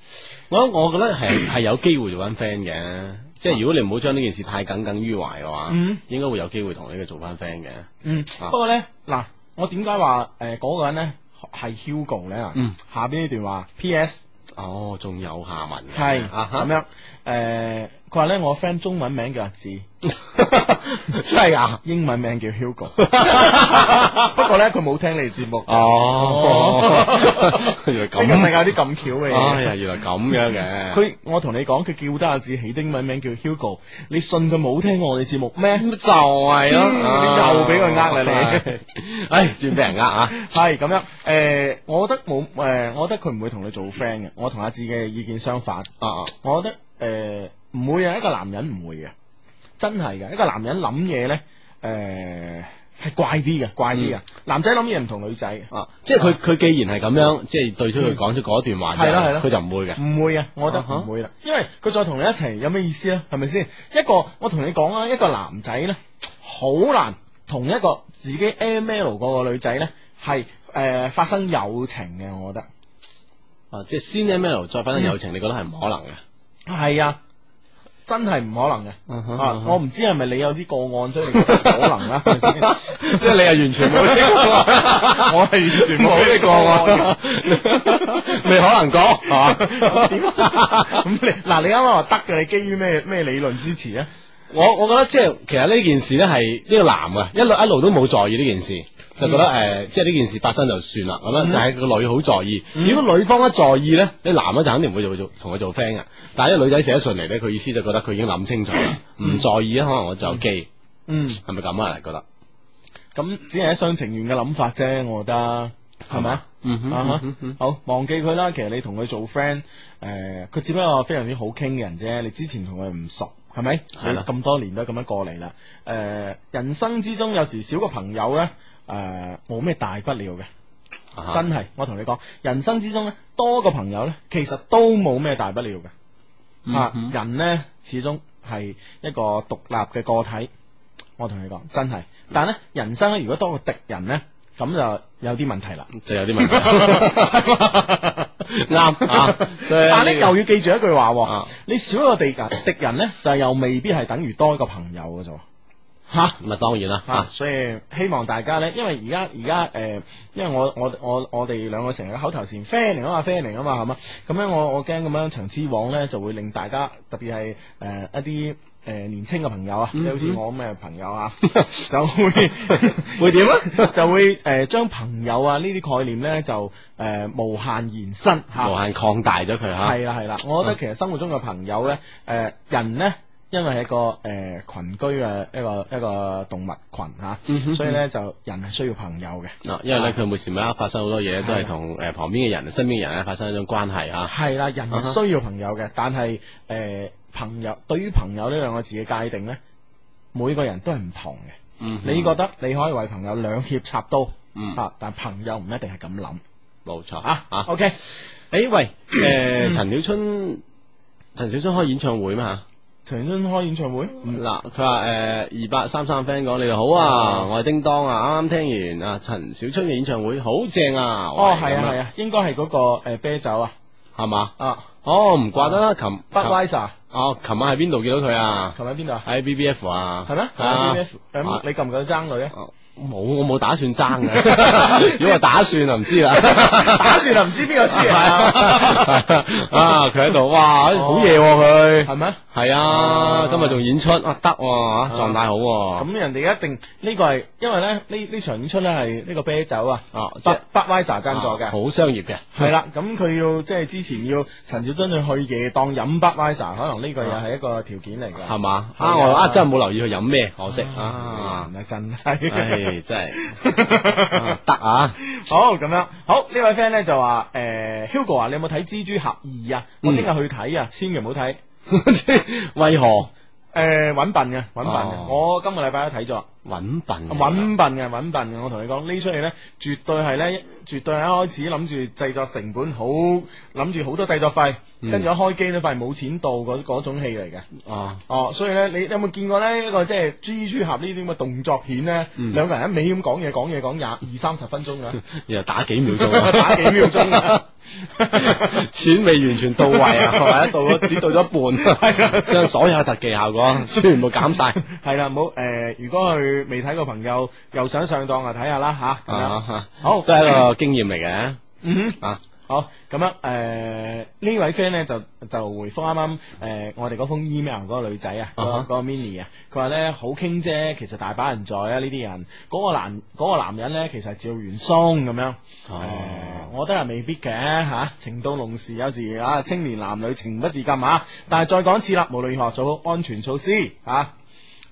我我覺得係係有機會做翻 friend 嘅， 即係如果你唔好將呢件事太耿耿於懷嘅話，嗯哼，嗯，應該會有機會同呢個做翻 friend 嘅。嗯，不過咧嗱，我點解話誒嗰個人咧？係 Hugo 咧，嗯、下邊呢段話 P.S. 哦，仲有下文，係咁是、uh huh. 樣，誒、呃，佢話咧，我 friend 中文名叫阿志。 真係啊！英文名叫 Hugo，不過咧佢冇聽你節目哦。原來咁世界有啲咁巧嘅嘢。原來咁樣嘅。佢我同你講，佢叫得阿志起英文名叫 Hugo，你信佢冇聽過我哋節目咩？ 嗯、就係咯，啊、又俾佢呃啦你。唉、 哎，轉俾人 呃啊！係咁樣誒，我覺得冇誒、呃，我覺得佢唔會同你做 friend 嘅。我同阿志嘅意見相反啊！ 我覺得誒，唔會有一個男人唔會嘅。真係嘅，一個男人諗嘢呢，誒係怪啲嘅，怪啲嘅。男仔諗嘢唔同女仔，啊，即係佢佢既然係咁樣，即係對出佢講出嗰段話，係咯係咯，佢就唔會嘅，唔會啊，我覺得唔會啦。因為佢再同你一齊有咩意思啊？係咪先？一個我同你講啊，一個男仔呢，好難同一個自己 M L 嗰個女仔呢，係誒發生友情嘅。我覺得啊，即係先 M L 再發生友情，你覺得係唔可能嘅？係啊。真係唔可能嘅，嗯、哼我唔知係咪你有啲個案出嚟可能啦、啊。即係你係完全冇呢個，我係完全冇呢個我， 未可能講係嘛？咁、啊、 你嗱，你啱啱話得嘅，你基於咩咩理論支持咧？我我覺得即係其實呢件事咧係呢個男啊，一路一路,一路都冇在意呢件事。就覺得誒，即係呢件事發生就算啦。咁樣就係個女好在意。如果女方一在意咧，你男咧就肯定唔會做同佢做 friend 嘅。但係一女仔寫咗信嚟，咧，佢意思就覺得佢已經諗清楚啦，唔在意啊。可能我就記，嗯，係咪咁啊？你覺得？咁只係一廂情願嘅諗法啫，我覺得係咪啊？嗯哼，好忘記佢啦。其實你同佢做 friend，誒，佢只不過非常之好傾嘅人啫。你之前同佢唔熟，係咪？係啦，咁多年都咁樣過嚟啦。誒，人生之中有時少個朋友咧。誒，冇咩大不了嘅，真係。我同你講，人生之中咧，多個朋友咧，其實都冇咩大不了嘅。人咧，始終係一個獨立嘅個體。我同你講，真係。但係咧，人生咧，如果多個敵人咧，咁就有啲問題啦。就有啲問題。啱啊！但係你又要記住一句話，你少一個敵人，敵人咧就又未必係等於多一個朋友嘅啫。吓，咁啊蛤當然啦，吓， 所以希望大家咧，因為而家而家誒，因為我我兩、嗯、我我哋兩個成日口頭禪 friend 嚟啊嘛 friend 嚟啊嘛，係嘛，咁樣我我驚咁樣長次往咧，就會令大家特別係誒一啲誒年輕嘅朋友啊，即好似我咁嘅朋友啊， 就會會點咧？就會誒將朋友啊呢啲概念咧就誒無限延伸， 無限擴大咗佢吓。係啦係啦，啦，啦，我覺得其實生活中嘅朋友咧，誒、呃、人咧。人呢呢因為係一個誒群居嘅一個一個動物群吓，所以咧就人係需要朋友嘅。啊，因為咧佢每時每刻發生好多嘢，都係同誒旁邊嘅人，身邊嘅人咧發生一種關係吓。係啦，人係需要朋友嘅，但係誒朋友對於朋友呢兩個字嘅界定咧，每個人都係唔同嘅。嗯，你覺得你可以為朋友兩脅插刀，嗯啊，但朋友唔一定係咁諗。冇錯啊，啊，OK，誒，喂，誒，陳小春，陳小春開演唱會嘛？陳春開演唱會，嗱佢話誒二八三三 friend 講，你哋好啊，我係叮當啊，啱啱聽完啊陳小春嘅演唱會好正啊，哦係啊係啊，應該係嗰個誒啤酒啊，係嘛啊，哦唔怪得啦，琴，布拉哦琴晚喺邊度見到佢啊？琴晚喺邊度？喺 B B F 啊？係咩？B B F？誒你夠唔夠爭佢嘅？冇，我冇打算爭嘅，如果話打算啊唔知啦，打算啊唔知邊個輸啊？啊佢喺度哇，好嘢佢係咪？係啊，今日仲演出啊，得吓，狀態好。咁人哋一定呢個係，因為咧呢呢場演出咧係呢個啤酒啊，即係 Budweiser 贊助嘅，好商業嘅。係啦，咁佢要即係之前要陳小春去夜檔飲 Budweiser 可能呢個又係一個條件嚟嘅，係嘛啊我真係冇留意佢飲咩，可惜啊，唔係真係，真係得啊，好咁樣好呢位 friend 咧就話誒 Hugo 啊，你有冇睇蜘蛛俠二啊？我聽日去睇啊，千祈唔好睇。 為何？誒、呃，揾笨嘅，揾笨嘅，oh. 我今個禮拜一睇咗。搵笨，搵笨嘅搵笨嘅，我同你講呢出戲咧，絕對係咧，絕對係一開始諗住製作成本好，諗住好多製作費，跟住、嗯、一開機都快冇錢到嗰嗰種戲嚟嘅。哦、啊，哦，所以咧，你有冇見過咧一個即係蜘蛛俠呢啲咁嘅動作片咧，兩個、嗯、人一味咁講嘢講嘢講廿二三十分鐘然後打幾秒鐘、啊，打幾秒鐘，錢未完全到位啊，同埋一度只到咗一半，將 所有嘅特技效果全部減晒。係啦，唔好誒，如果去。未睇過朋友又想上當啊，睇下啦吓，咁樣吓，啊、好都係一個經驗嚟嘅，嗯哼，啊、好咁樣誒呢、呃、位 friend 咧，就就回覆啱啱誒我哋封 email 嗰個女仔啊，嗰個 Mini 啊，佢話咧好傾啫，其實大把人在啊，呢啲人嗰、嗰個男嗰、嗰個男人咧其實係趙元松咁樣，係、啊啊、我覺得係未必嘅吓、啊，情到濃時有時啊，青年男女情不自禁啊，但係再講一次啦，無論如何做好安全措施吓。啊啊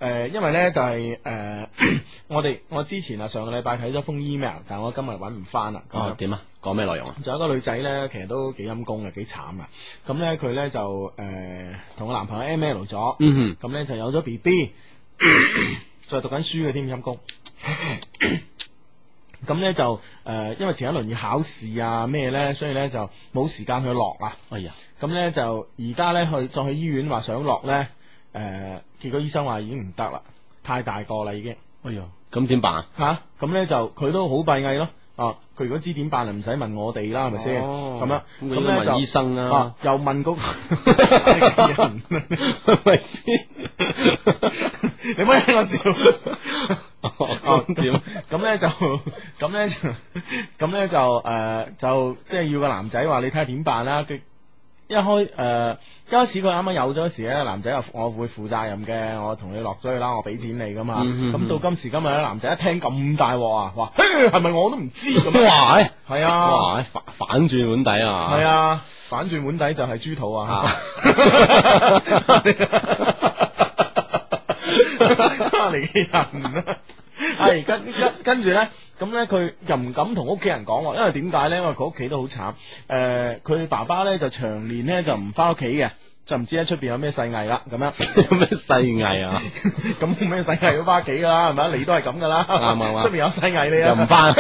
誒，因為咧就係誒，我哋我之前啊上個禮拜睇咗封 email，但我今日搵唔翻啦。咁點啊？講咩內容啊？仲有一個女仔咧，其實都幾陰功嘅，幾慘啊。咁咧佢咧就誒同個男朋友 M L 咗，咁咧就有咗 B B，再讀緊書嘅添陰功。咁咧就誒，因為前一輪要考試啊咩咧，所以咧就冇時間去落啊。哎呀，咁咧就而家咧去再去醫院話想落咧。誒、呃，結果醫生話已經唔得啦，太大個啦已經。哎喲，咁點辦啊？吓、嗯，咁咧就佢都好閉翳咯。哦、嗯，佢如果知點辦，咪唔使問我哋啦，係咪先？咁樣咁、嗯、醫生就、啊啊、又問嗰、那個啊、人，係咪先？你唔好聽我笑。哦、 啊，點、嗯？咁、嗯、咧、嗯嗯、就，咁咧，咁咧就誒，就即係、嗯嗯嗯就是、要個男仔話，你睇下點辦啦。一開誒，一開始佢啱啱有咗時咧，男仔又我會負責任嘅，我同你落咗去啦，我俾錢你㗎嘛。咁、嗯、到今時今日咧，男仔一聽咁大鑊啊，話係咪我都唔知咁，哇，係哇啊，反反轉碗底啊，係啊，反轉碗底就係豬肚啊，翻嚟嘅人啦、啊，係、 啊、跟跟跟住咧。咁咧，佢又唔敢同屋企人講喎，因為點解咧？因為佢屋企都好慘，誒，佢爸爸咧就長年咧就唔翻屋企嘅，就唔知喺出邊有咩世藝啦，咁樣有咩世藝啊？咁冇咩世藝要翻屋企噶啦，係咪？你都係咁噶啦，啱唔啱？出邊有世藝你又唔翻，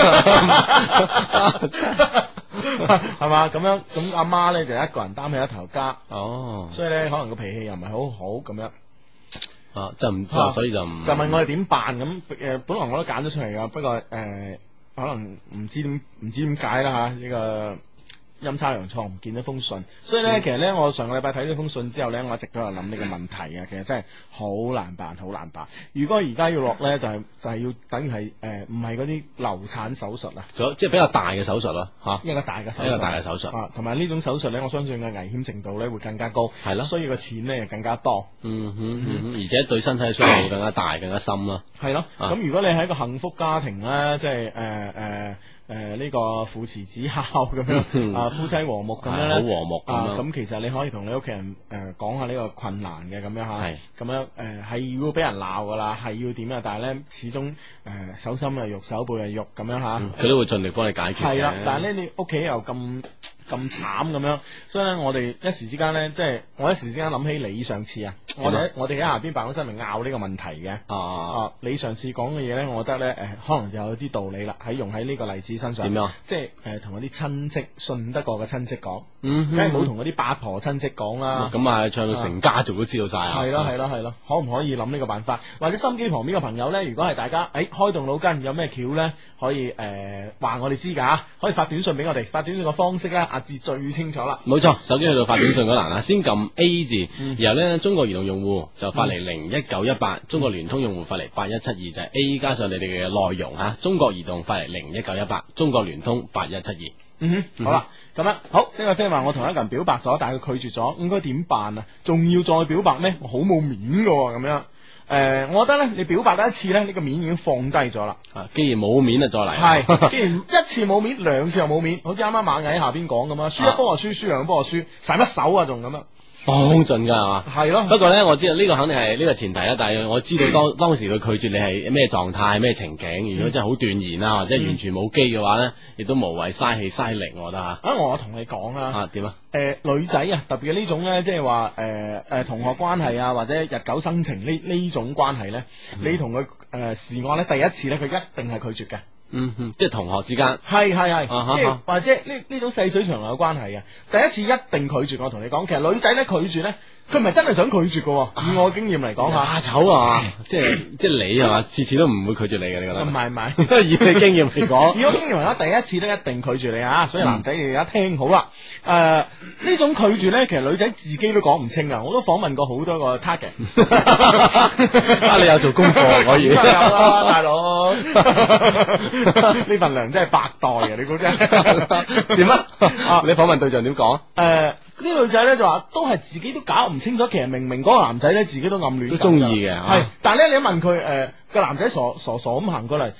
係嘛？咁樣咁阿媽咧就一個人擔起一頭家，哦，所以咧可能個脾氣又唔係好好咁樣。啊！就唔知，啊、所以就唔就問我哋點辦咁？誒，本來我都揀咗出嚟噶，不過誒、呃，可能唔知點唔知點解啦吓呢個。陰差陽錯唔見咗封信，所以咧，其實咧，我上個禮拜睇咗封信之後咧，我一直都有諗呢個問題啊。其實真係好難辦，好難辦。如果而家要落咧，就係就係要等於係誒，唔係嗰啲流產手術啊，即係比較大嘅手術咯，吓一個大嘅一個大嘅手術啊，同埋呢種手術咧，我相信嘅危險程度咧會更加高，係咯，所以個錢咧又更加多，嗯哼而且對身體嘅傷害更加大、更加深啦。係咯，咁如果你係一個幸福家庭咧，即係誒誒。誒呢、呃這個父慈子孝咁樣，啊，夫妻和睦咁樣好 和睦啊！咁其實你可以同你屋企人誒、呃、講下呢個困難嘅咁樣嚇，咁的樣誒係、呃、要俾人鬧㗎啦，係要點啊？但係咧始終誒、呃、手心又肉，手背又肉咁樣嚇，佢都、嗯、會盡力幫你解決。係啦，但係咧你屋企又咁。咁慘咁樣，所以咧，我哋一時之間咧，即係我一時之間諗起你上次啊，我哋我哋喺下邊辦公室咪拗呢個問題嘅，啊，你上次講嘅嘢咧，我覺得咧，誒，可能又有啲道理啦，喺用喺呢個例子身上，點啊？即係誒，同嗰啲親戚，信得過嘅親戚講，梗係冇同嗰啲八婆親戚講啦。咁啊，唱到成家族都知道晒。係咯係咯係咯，可唔可以諗呢個辦法？或者心機旁邊嘅朋友咧，如果係大家，誒，開動腦筋，有咩橋咧，可以誒，話我哋知噶，可以發短信俾我哋，發短信嘅方式咧，字最清楚啦，冇錯，手機去到發短信嗰欄，先撳 A 字。嗯、然後呢，中國移動用戶就發嚟零一九一八，中國聯通用戶發嚟八一七二，就係 A 加上你哋嘅內容吓，中國移動發嚟零一九一八，中國聯通八一七二，嗯哼，好啦，咁樣，好呢位 friend 話我同一個人表白咗，但係佢拒絕咗，應該點辦啊？仲要再表白咩？我好冇面噶，咁樣。誒、呃，我覺得咧，你表白得一次咧，呢、這個面已經放低咗啦。啊，既然冇面啊，再嚟。係， 既然一次冇面，兩次又冇面，好似啱啱螞蟻喺下邊講咁樣：輸一波又輸，輸兩波又輸，使乜手啊，仲咁樣。當盡噶係嘛，係咯。是的 不過咧，我知道呢個肯定係呢個前提啦。但係我知道當當時佢拒絕你係咩狀態、咩情景。如果真係好斷然啦，或者完全冇機嘅話咧，亦都無謂嘥氣嘥力，我覺得吓。啊，我同你講啊，點啊？誒，女仔啊，特別嘅呢種咧，即係話誒誒，同學關係啊，或者日久生情呢呢種關係咧，你同佢誒示愛咧，第一次咧，佢一定係拒絕嘅。嗯哼，即係同學之間，係係係，啊、即係是或者呢呢種細水長流嘅關係嘅， 第一次一定拒絕，我同你講。其實女仔咧拒絕咧。佢唔係真係想拒絕㗎喎，以我經驗嚟講嚇，醜啊！即係即係你係嘛，次次都唔會拒絕你嘅，你覺得？唔係唔係，都係以你經驗嚟講。以我經驗咧，第一次咧一定拒絕你啊！所以男仔你而家聽好啦，誒呢種拒絕咧，其實女仔自己都講唔清啊！我都訪問過好多個 target，你有做功課可以？有啦，大佬，呢份糧真係百代嘅，你估啫？點啊？你訪問對象點講？誒呢女仔咧就話都係自己都搞唔清楚，其實明明嗰個男仔咧，自己都暗戀，都中意嘅，係。但係咧，你一問佢，誒、呃，個男仔傻，傻傻傻咁行過嚟，誒誒誒誒，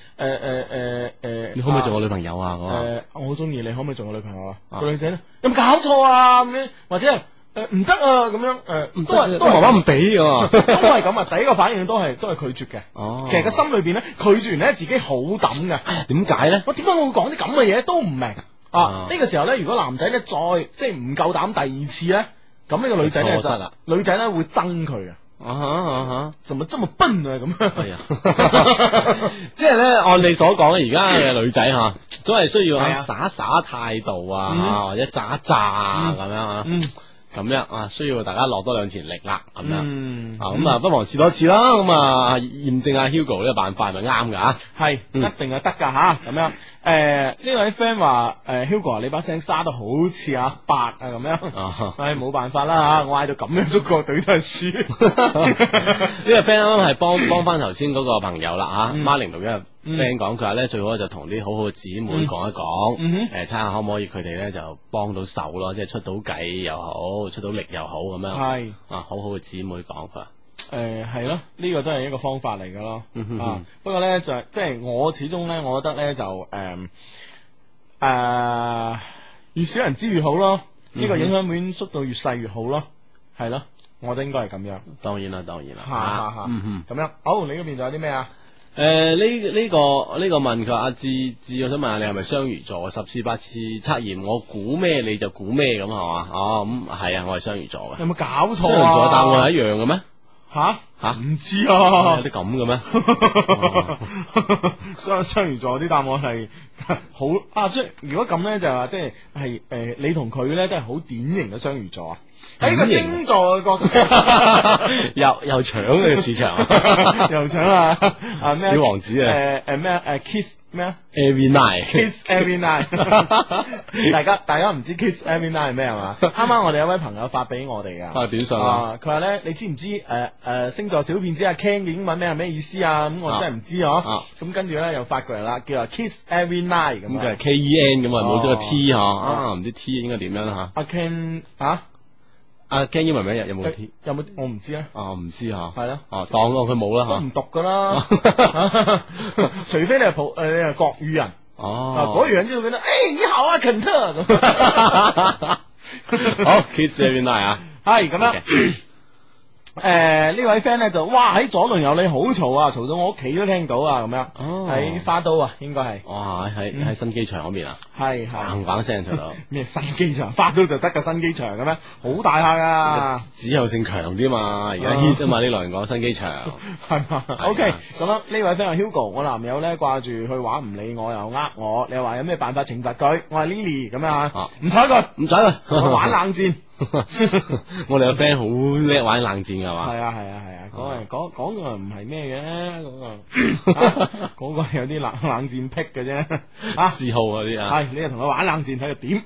呃呃、你可唔可以做我女朋友啊？誒、呃，我好中意你，可唔可以做我女朋友啊？個女仔咧，有冇搞錯啊？咁樣、啊、或者誒唔得啊？咁樣誒、呃，都係都係媽媽唔俾，都係咁是啊！ 第一個反應都係都係拒絕嘅。哦、啊，其實個心裏邊咧，拒絕完咧，自己好抌噶。點解咧？我點解會講啲咁嘅嘢，都唔明啊？哎、呢個時候咧，如果男仔咧再即係唔夠膽第二次咧。咁呢個女仔咧，女仔咧會憎佢嘅。啊哈啊哈，同埋爭埋笨啊咁，係啊，即係咧，按你所講，而家嘅女仔吓，總係需要耍耍態度啊，或者詐詐咁樣啊，咁樣啊，需要大家落多兩錢力啦，咁樣啊，咁啊，不妨試多次啦，咁啊，驗證下 Hugo 呢個辦法咪啱噶吓，係一定係得噶吓，咁樣。誒，呢、呃、位 friend 話誒，Hugo 你把聲沙到好似阿伯啊咁、啊、樣，唉、哎、冇辦法啦吓，我嗌到咁樣都個隊都係輸。呢位 friend 啱啱係幫幫翻頭先嗰個朋友啦吓，Martin 同呢個 friend 講，佢話咧最好就同啲好好嘅姊妹講一講，誒、嗯，睇下、呃、可唔可以佢哋咧就幫到手咯，即係出到計又好，出到力又好咁樣，係是啊，好好嘅姊妹講佢話。誒，係咯，呢個都係一個方法嚟噶咯。啊，不過咧就即係我始終咧，我覺得咧就誒誒，越少人知越好咯。呢個影響面縮到越細越好咯，係咯，我覺得應該係咁樣。當然啦，當然啦，吓吓吓，咁樣。好，你嗰邊仲有啲咩啊？誒，呢呢個呢個問佢阿志志，我想問下你係咪雙魚座？十次八次測驗我估咩你就估咩咁係嘛？哦，咁係啊，我係雙魚座嘅。有冇搞錯？雙魚座答案我係一樣嘅咩？吓吓唔知啊，有啲咁嘅咩？所以雙魚座啲答案係好啊，即係如果咁咧，就話即係係誒，你同佢咧都係好典型嘅雙魚座啊。睇個星座嘅角又又搶你個市場，又搶啊！小王子啊，誒誒咩誒 kiss 咩啊？Every night，kiss every night。大家大家唔知 kiss every night 係咩係嘛？啱啱我哋有位朋友發俾我哋嘅啊短信啊，佢話咧，你知唔知誒誒星座小騙子阿 Ken 嘅英文名係咩意思啊？咁我真係唔知啊。咁跟住咧又發過嚟啦，叫 kiss every night 咁。佢係 K E N 咁啊，冇咗個 T 嗬啊，唔知 T 應該點樣啦吓。啊 Ken 啊？啊，驚英文名日有冇有冇？我唔知啊。哦，唔知吓。係咯。啊，當咯，佢冇啦吓。我唔讀噶啦，除非你係普誒，uh, 你係國語人。哦。Oh. 國語人知道邊度？誒、hey，你好啊，肯好，kiss 啊。係咁樣。誒，呢位 friend 咧就哇喺左鄰右里好嘈啊，嘈到我屋企都聽到啊，咁樣喺花都啊，應該係哇喺喺新機場嗰邊啊，係，硬掛聲嘈到咩新機場，花都就得個新機場咁咩，好大客噶，指向性強啲嘛，而家 heat 啊嘛呢兩講新機場，係 OK 咁樣，呢位 friend 係 Hugo，我男友咧掛住去玩唔理我又呃我，你話有咩辦法懲罰佢？我係 Lily 咁樣啊，唔睬佢，唔使啦，玩冷戰。我哋個 friend 好叻玩冷戰嘅係嘛？係啊，係啊，係啊。嗰個、嗰、個唔係咩嘅，嗰個有啲冷冷戰癖嘅啫。啊，嗜好嗰啲啊，係你又同佢玩冷戰睇佢點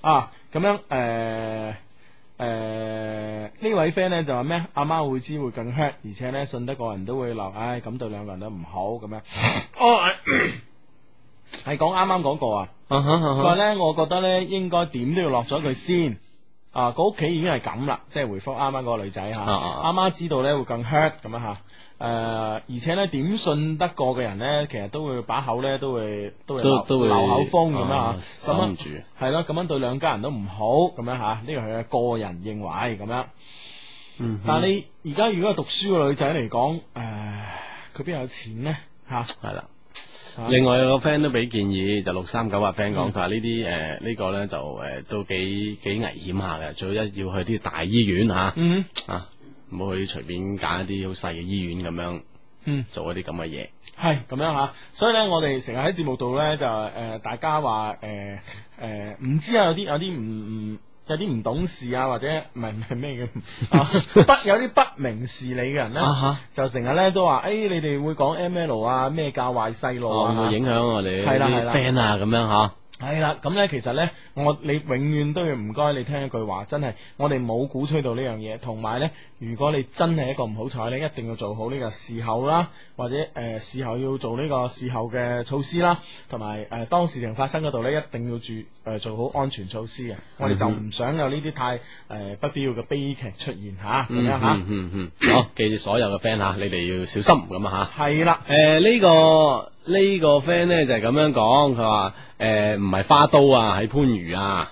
啊？咁樣誒誒，呢位 friend 咧就話咩？阿媽會知會更 h u r t，而且咧信得個人都會流，唉，咁對兩個人都唔好咁樣。哦，係講啱啱嗰個啊，但係咧，我覺得咧應該點都要落咗佢先。啊，個屋企已經係咁啦，即係回覆啱啱嗰個女仔吓，阿、啊、媽、啊啊、知道咧會更 hurt 咁樣吓。誒、啊，而且咧點信得過嘅人咧，其實都會把口咧都會 so, 都會漏口風咁樣吓，咁樣係咯，咁、啊、裡樣對兩家人都唔好，咁樣吓，呢個係個人認為咁樣。啊、嗯哼。但係你而家如果係讀書嘅女仔嚟講，誒、啊，佢邊有錢咧？吓、啊，係啦。啊、另外個 friend 都俾建議，就六三九啊 friend 講，佢話呢啲誒呢個咧就誒、呃、都幾幾危險下嘅，最好一要去啲大醫院嚇，嗯啊，唔好、嗯啊、去隨便揀一啲好細嘅醫院咁樣，嗯，做一啲咁嘅嘢，係咁樣嚇。所以咧，我哋成日喺節目度咧就誒，大家話誒誒，唔知有啲有啲唔唔。有啲唔懂事啊，或者唔係唔係咩嘅，吓，不，不、啊、 有啲不明事理嘅人咧、啊，啊、哈就成日咧都話，誒、哎，你哋會講 M L 啊，咩教壞細路啊，哦、會影響我哋係啦 friend 啊，咁樣吓。啊係啦，咁呢其實呢，我你永遠都要唔該你聽一句話，真係我哋冇鼓吹到呢樣嘢，同埋呢，如果你真係一個唔好彩呢，一定要做好呢個事後啦，或者誒，事後要做呢個事後嘅措施啦，同埋誒，當事情發生嗰度呢，一定要注，誒做好安全措施嘅，我哋就唔想有呢啲太，誒不必要嘅悲劇出現吓，咁樣吓。嗯嗯，好、嗯哦，記住所有嘅 friend 吓，你哋要小心咁吓。係、啊、啦，誒、啊、呢、呢個。呢個 friend 咧就係咁樣講，佢話誒唔係花都啊，喺番禺啊，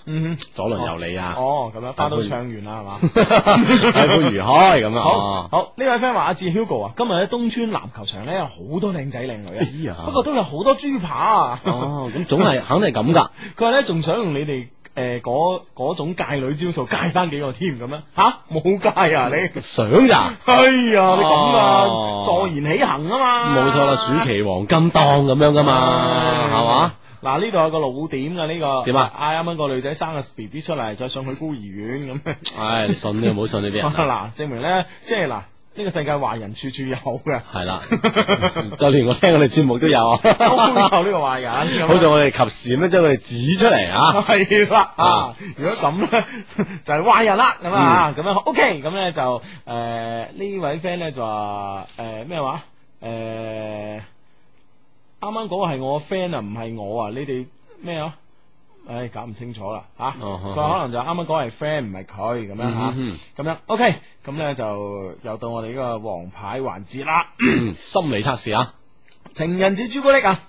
左輪右你啊，哦咁樣花都唱完啦係嘛，喺番禺開咁樣，好呢位 friend 話阿志 Hugo 啊，今日喺東村籃球場咧有好多靚仔靚女，啊。不過都有好多豬扒啊，哦咁總係肯定係咁噶，佢話咧仲想用你哋。誒，嗰嗰、呃、種界女招數，界翻幾個添咁樣，吓冇界啊！你想噶，啊？ 哎呀，你咁啊，坐言、哦、起行啊嘛，冇錯啦，暑期黃金檔咁樣噶嘛，係嘛？嗱，呢度有個老點噶呢個點啊，啱啱個，這個啊啊、個女仔生個 B B 出嚟，再送去孤兒院咁。唉、哎，你信呢唔好信呢啲嗱，證明咧，即係嗱。呢個世界壞人處處有嘅的，係啦，就連我聽我哋節目都有，都有呢個壞人，好在我哋及時咁樣將佢哋指出嚟。 的啊，係啦，啊，如果咁咧 就係壞人啦，咁啊、嗯，咁樣，O K，咁咧就誒呢、呃、位 friend 咧就誒咩話，誒啱啱嗰個係我 friend 啊，唔係我啊，你哋咩啊？唉，搞唔清楚啦，吓、啊，佢、哦、可能就啱啱講係 friend 唔係佢咁樣吓，咁、嗯、哼樣，OK，咁呢，就又到我哋呢個王牌環節啦，心理測試啊，情人節朱古力啊，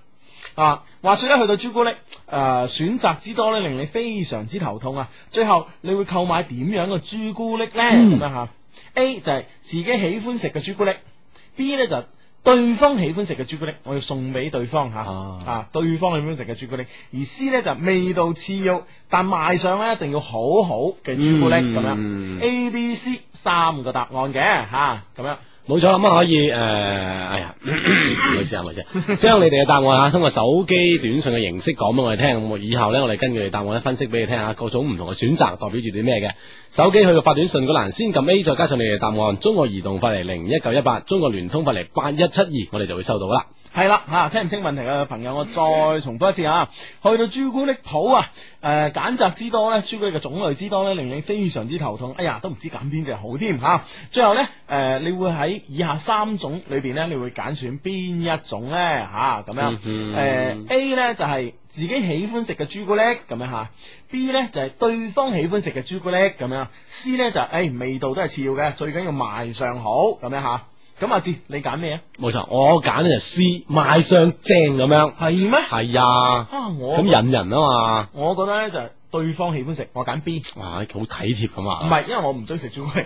啊，話說咧去到朱古力，誒、呃，選擇之多咧令你非常之頭痛啊，最後你會購買點樣嘅朱古力呢？咁、嗯、樣吓、啊、A 就係自己喜歡食嘅朱古力，B 呢，就是。對方喜歡食嘅朱古力，我要送俾對方吓，啊，對方喜歡食嘅朱古力，而 C 呢就是、味道次要，但賣相呢一定要好好嘅朱古力咁、嗯、樣，A、B、C 三個答案嘅吓，咁樣。冇錯。咁啊可以誒、呃，哎呀，唔好意思，係咪先？將你哋嘅答案吓，通過手機短信嘅形式講俾我哋聽。咁我以後呢，我哋根據你答案咧，分析俾你聽下各種唔同嘅選擇代表住啲咩嘅。手機去到發短信個欄，先撳 A，再加上你哋答案。中國移動發嚟零一九一八，中國聯通發嚟八一七二，我哋就會收到啦。係啦。吓，聽唔清問題嘅朋友，我再重複一次吓。去到朱古力鋪啊，誒揀擇之多呢，朱古力嘅種類之多呢，令你非常之頭痛。哎呀，都唔知揀邊隻好添吓、啊。最後呢，誒、呃、你會喺以下三種裏邊呢，你會揀選邊一種呢？吓、啊？咁樣，誒、啊、A 呢就係、是、自己喜歡食嘅朱古力咁樣吓、啊、，B 呢就係、是、對方喜歡食嘅朱古力咁樣，C 呢就誒、是哎、味道都係次要嘅，最緊要賣相好咁樣吓。啊咁阿志，你揀咩嗎啊？冇錯、啊，我揀就 C 賣相正咁樣。係咩？係啊，咁引人啊嘛。我覺得咧就係、對方喜歡食，我揀 B。哇，好體貼噶嘛。唔係，因為我唔中意食朱古力。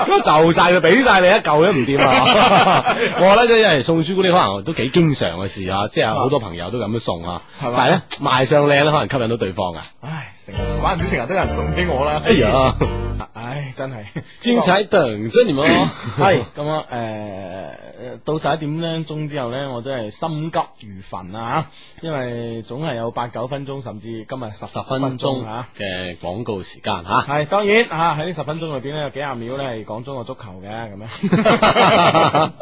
咁就晒佢俾晒你一舊都唔掂。啊。 我咧即係送朱古力，可能都幾經常嘅事啊，即係好多朋友都咁樣送啊。吧但係咧賣相靚咧，可能吸引到對方啊。唉。玩完成日都有人送俾我啦，哎呀 唉，唉真係 精彩動真係冇，係咁啊，誒、嗯、到十一點零鐘之後咧，我都係心急如焚啊，因為總係有八九分鐘，甚至今日十十分鐘啊嘅廣告時間吓、啊，係、 哎、當然啊喺呢十分鐘內邊咧有幾廿秒咧係講中國足球嘅咁樣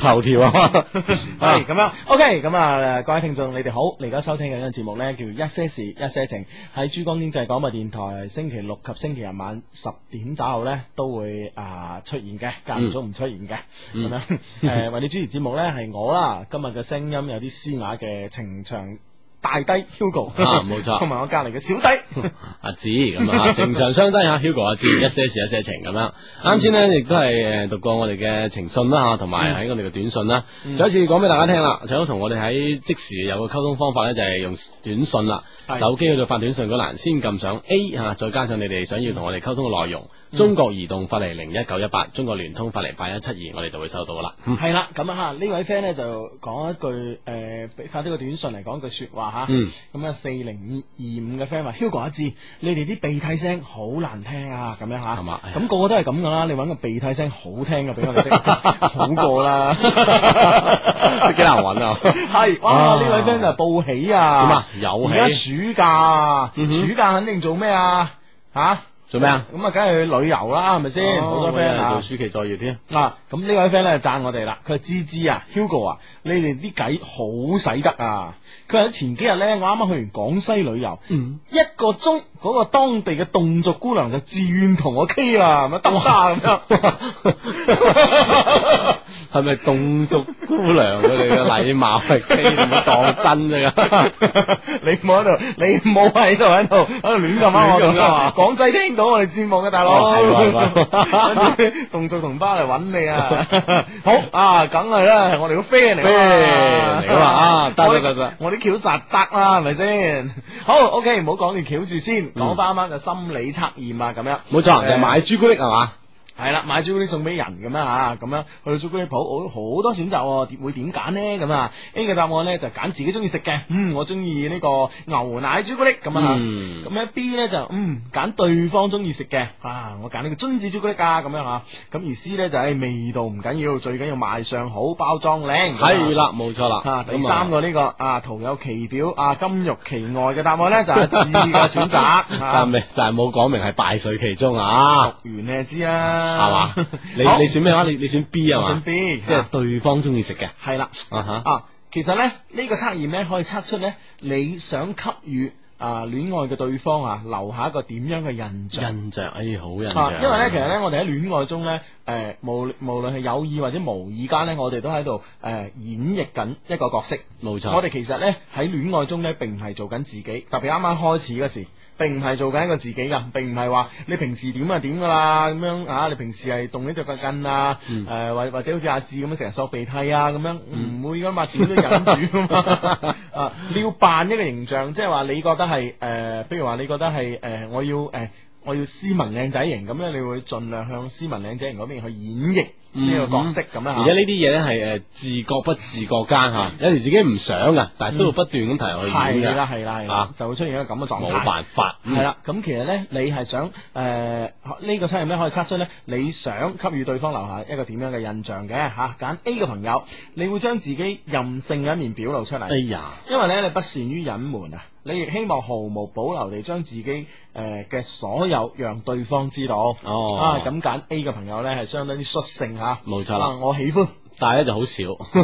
頭條條、啊 哎，係咁樣，OK，咁、嗯、啊各位聽眾你哋好，你而家收聽嘅呢個節目咧叫一些事一些情，喺。珠江經濟廣播電台星期六及星期日晚十點打後咧都會啊、呃、出現嘅，隔唔咗唔出現嘅咁、嗯、樣，誒為你主持節目咧係我啦，今日嘅聲音有啲嘶啞嘅情長。大低 Hugo 啊，冇錯，同埋我隔籬嘅小低，阿紫，咁啊，情長相低啊，Hugo 阿紫，一些事一些情咁樣。啱先咧，亦、嗯、都係讀過我哋嘅情信啦，吓、啊，同埋喺我哋嘅短信啦。嗯、上一次講俾大家聽啦，嗯、想同我哋喺即時有個溝通方法咧，就係、是、用短信啦，啊、是手機去到發短信嗰欄先撳上 A 啊，再加上你哋想要同我哋溝通嘅內容。中國移動發嚟零一九一八，中國聯通發嚟八一七二，我哋就會收到啦。嗯，係 啦，咁啊吓，呢位 friend 咧就講一句，誒、呃，發呢個短信嚟講句說話吓。嗯。咁啊，四零五二五嘅 friend 話，Hugo 阿志， iz, 你哋啲鼻涕聲好難聽啊，咁樣吓。係嘛的。咁個個都係咁噶啦，哎、呀你揾個鼻涕聲好聽嘅、啊、俾我哋識， 好過啦。都 幾 難揾啊。係、嗯，哇！呢位 friend 就報喜啊，點啊？有而家暑假， 暑假肯定做咩啊？吓、啊？啊做咩、嗯 oh, 啊？咁啊，梗係去旅遊啦，係咪先？好多 friend 啊，做暑期作業添。啊，咁呢位 friend 咧就讚我哋啦。佢話芝芝啊、Hugo 啊，你哋啲計好使得啊！佢喺前幾日咧，我啱啱去完廣西旅遊，嗯，一個鐘。嗰個當地嘅侗族姑娘就自願同我 K 啦，係咪得花咁樣？係咪侗族姑娘佢哋嘅禮貌係 K，唔好當真啫。 你唔好喺度，你唔好喺度喺度喺度亂咁講我點解話？廣西聽到我哋節目嘅大佬，侗 族同胞嚟揾你啊！好啊，梗係啦， 我哋個 friend 嚟 friend 嚟啊！得啦得啦，我啲橋實得啦，係咪先？好，OK，唔好講完橋住先。先講翻啱啱嘅心理測驗啊，咁、嗯、樣冇錯，嗯、就係買朱古力係嘛？係啦，買朱古力送俾人咁啊吓，咁樣去到朱古力鋪，好好多選擇，點會點揀呢？咁 A 嘅答案呢就揀自己中意食嘅，嗯，我中意呢個牛奶朱古力咁啊，咁樣、嗯、B 呢就嗯揀對方中意食嘅，啊，我揀呢個榛子朱古力啊，咁樣啊，咁而 C 呢就係味道唔緊要，最緊要賣相好，包裝靚。係啦樣，冇錯啦。第三個呢、這個、嗯、啊，徒有其表啊，金玉其外嘅答案呢就係、是、自嘅個選擇， 但係但係冇講明係敗絮其中啊。讀完你知啦。係嘛？你好你選咩話？你你選 B 啊嘛？選 B，即係對方中意食嘅。係啦的，uh huh. 啊，其實咧呢、這個測驗咧可以測出咧你想給予啊戀、呃、愛嘅對方啊留下一個點樣嘅印象，印象，哎，好印象。啊、因為咧，其實咧，我哋喺戀愛中咧，誒、呃，無無論係有意或者無意間咧，我哋都喺度誒演繹緊一個角色。冇錯錯。我哋其實咧喺戀愛中咧，並唔係做緊自己，特別啱啱開始嗰時。並唔係做緊一個自己噶，並唔係話你平時點就點噶啦，咁樣啊！你平時係動呢隻腳筋啊，誒，或或者好似阿志咁樣成日索鼻涕啊，咁樣唔會噶嘛，自己都忍住啊！你要扮一個形象，即係話你覺得係誒，比如話你覺得係誒，我要誒，我要斯文靚仔型咁樣，你會盡量向斯文靚仔型嗰邊去演繹。呢個角色咁啦，而且呢啲嘢咧係誒自覺不自覺間吓，啊、有時自己唔想噶，但係都會不斷咁提落去。係啦、嗯，係啦，係啊，就會出現一個咁嘅狀況。冇辦法。係、嗯、啦，咁、嗯、其實咧，你係想誒呢、呃這個測有咩可以測出咧？你想給予對方留下一個點樣嘅印象嘅吓？揀、啊、A 嘅朋友，你會將自己任性嘅一面表露出嚟。哎呀，因為咧你不善於隱瞞啊。你亦希望毫無保留地將自己誒嘅、呃、所有讓對方知道。哦，oh. 啊，咁揀 A 嘅朋友咧，係相當之率性吓，啊，冇錯啦，啊，我喜歡。但係咧就好少，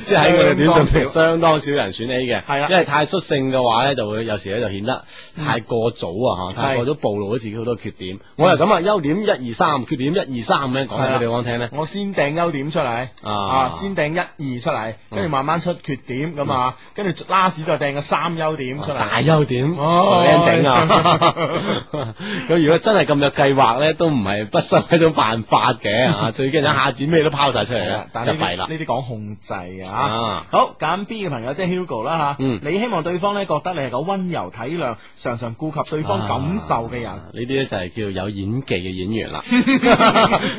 即係喺佢哋表上相當少人選 A 嘅，係啦，因為太率性嘅話咧，就會有時咧就顯得太過早啊，吓，太過咗暴露咗自己好多缺點。我又咁啊，優點一二三，缺點一二三，咁樣講俾對方聽咧。我先訂優點出嚟，啊，先訂一二出嚟，跟住慢慢出缺點咁啊，跟住拉屎再訂個三優點出嚟，大優點，頂啊！咁如果真係咁有計劃咧，都唔係不失一種辦法嘅，吓，最驚一下子咩都拋晒出但係啦，呢啲講控制啊，好揀 B 嘅朋友即係 Hugo 啦吓，你希望對方咧覺得你係個温柔體諒、常常顧及對方感受嘅人。呢啲咧就係叫有演技嘅演員啦，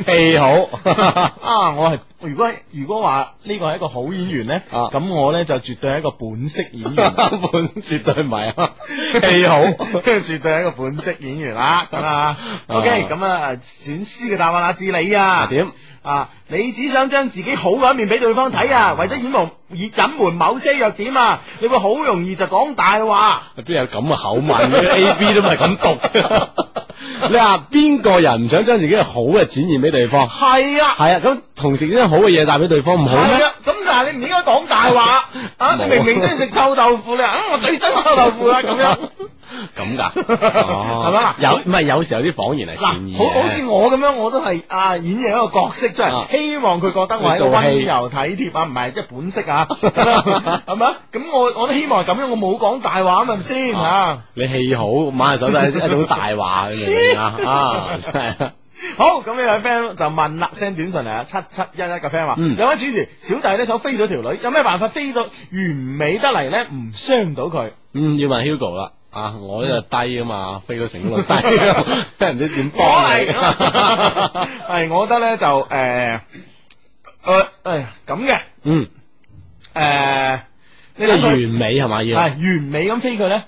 戲好啊！我係如果係如果話呢個係一個好演員咧，咁我咧就絕對係一個本色演員，本絕對唔係戲好，跟住絕對係一個本色演員啦。咁啊，OK，咁啊選 C 嘅答案啊，至你啊點啊？你只想，將自己好嘅一面俾對方睇啊，或者掩藏、以隱瞞某些弱點啊，你會好容易就講大話。邊有咁嘅口吻？A B 都唔係咁讀。 你話邊個人唔想將自己嘅好嘅展現俾對方？係啊，係啊。咁同時將好嘅嘢帶俾對方唔好咩？咁、啊、但係你唔應該講大話 啊！你明明中意食臭豆腐，你話我最憎臭豆腐啦、啊、咁樣。 咁噶，係咪啊？有唔係有時候啲謊言係善意。好好似我咁樣，我都係啊演繹一個角色出嚟，希望佢覺得我係温柔體貼啊，唔係即係本色啊，係咪啊？咁我我都希望係咁樣，我冇講大話啊係咪先吓。你戲好，馬上手就一種大話，黐啊！好，咁呢位 friend 就問啦 send 短信嚟啊，七七一一嘅 friend 話，有位主持小弟咧想飛咗條女，有咩辦法飛到完美得嚟咧，唔傷到佢？嗯，要問 Hugo 啦。啊！我呢度低啊嘛，飛到成個率低咯，係唔知點講。係，我覺得咧就誒，誒誒咁嘅，嗯，誒呢個完美係嘛要？係完美咁飛佢咧，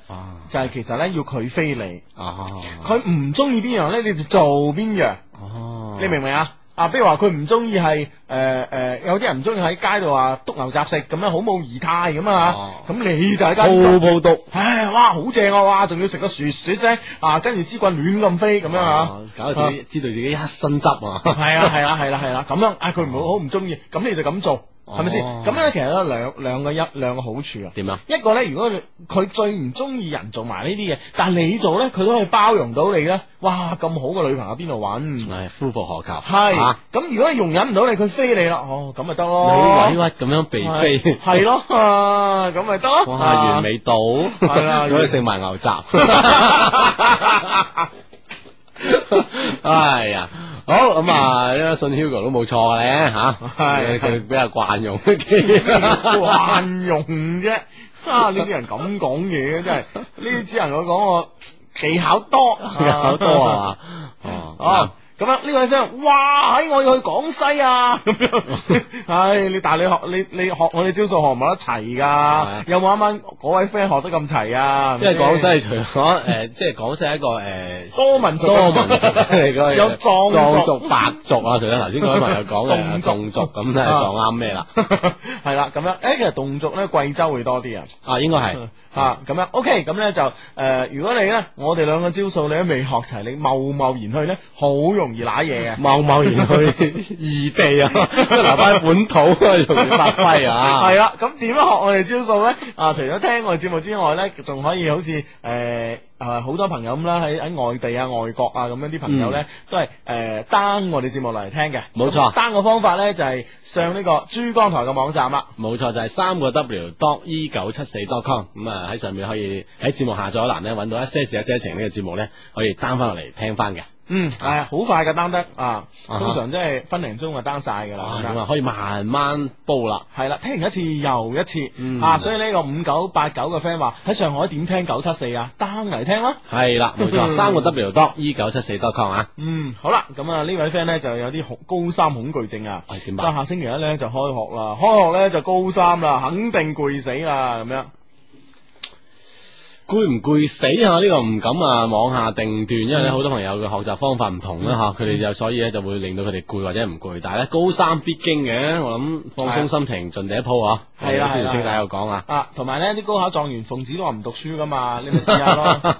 就係其實咧要佢飛你，佢唔中意邊樣咧，你就做邊樣，哦，你明唔明啊？呃呃、啊，比如話佢唔中意係誒誒，有啲人唔中意喺街度啊篤牛雜食咁樣，好冇儀態咁啊。咁你就喺街度鋪鋪篤，唉、哎，哇，好正啊！哇，仲要食個薯薯聲啊，跟住支棍亂咁飛咁樣啊，啊搞到自己知道自己一身汁啊。係啊係啊係啦係啦，咁樣啊，佢唔好好唔中意，咁你就咁做。係咪先？咁咧、哦，哦、其實咧兩兩個一兩個好處啊樣。點啊？一個咧，如果佢最唔中意人做埋呢啲嘢，但你做咧，佢都可以包容到你嘅。哇，咁好嘅女朋友邊度揾？係、哎、夫復何求。係、啊。咁如果你容忍唔到你，佢飛你啦。哦，咁咪得咯。你委屈咁樣被飛。係咯，咁咪得咯。啊啊、完美到，如果你食埋牛雜。 哎呀！好咁啊！依家信 Hugo 都冇錯嘅咧吓，係佢比較慣用啲，慣用啫。啊！呢啲、啊、 人咁講嘢真係呢啲只能我講我技巧多，技巧多啊嘛！哦。 啊咁樣呢位 friend，哇！我要去廣西啊，咁樣，唉，你但係你學你你學我哋招數學唔學得齊噶，有冇啱啱嗰位 friend 學得咁齊啊？因為廣西除咗誒，即係廣西一個誒多民族多民族嚟嘅，有壯族、白族啊，除咗頭先嗰位朋友講嘅侗族，咁真係講啱咩啦？係啦，咁樣誒，其實侗族咧，貴州會多啲啊，啊，應該係。啊，咁樣，OK，咁咧就誒、呃，如果你咧，我哋兩個招數你都未學齊，你貿貿然去咧，好容易揦嘢嘅，貿貿然去異 地啊，都留翻本土 容易發揮啊！係啦、啊，咁點樣學我哋招數咧？啊，除咗聽我哋節目之外咧，仲可以好似誒。呃誒，好多朋友咁啦，喺喺外地啊、外國啊咁樣啲朋友咧，嗯、都係誒 down 我哋節目落嚟聽嘅。冇錯，down 個方法咧就係上呢個珠江台嘅網站啦。冇錯，就係三個 w dot e 九七四 dot com 咁、嗯、啊，喺上面可以喺節目下載欄咧揾到一些事一些情嘅呢個節目咧，可以 down 翻落嚟聽翻嘅。嗯，係好快嘅 down 得啊，通常即係分零鐘就 down 晒噶啦，咁啊可以慢慢煲啦。係啦，聽完一次又一次，一次嗯，吓、啊，所以呢個五九八九嘅 friend 話喺上海點聽九七四啊，down 嚟聽咯、啊。係啦，冇錯，嗯、三個 W 多 E 九七四 .com 啊。嗯，好啦，咁啊呢位 friend 咧就有啲恐高三恐懼症啊，啊但係下星期一咧就開學啦，開學咧就高三啦，肯定攰死啦，咁樣。攰唔攰死吓？呢個唔敢啊，妄下定斷，因為咧好多朋友嘅學習方法唔同啦吓，佢哋就所以咧就會令到佢哋攰或者唔攰。但係咧高三必經嘅，我諗放鬆心情，盡第一鋪吓。係啦，師奶又講啊。啊，同埋咧啲高考狀元奉旨都話唔讀書噶嘛，你咪試下咯。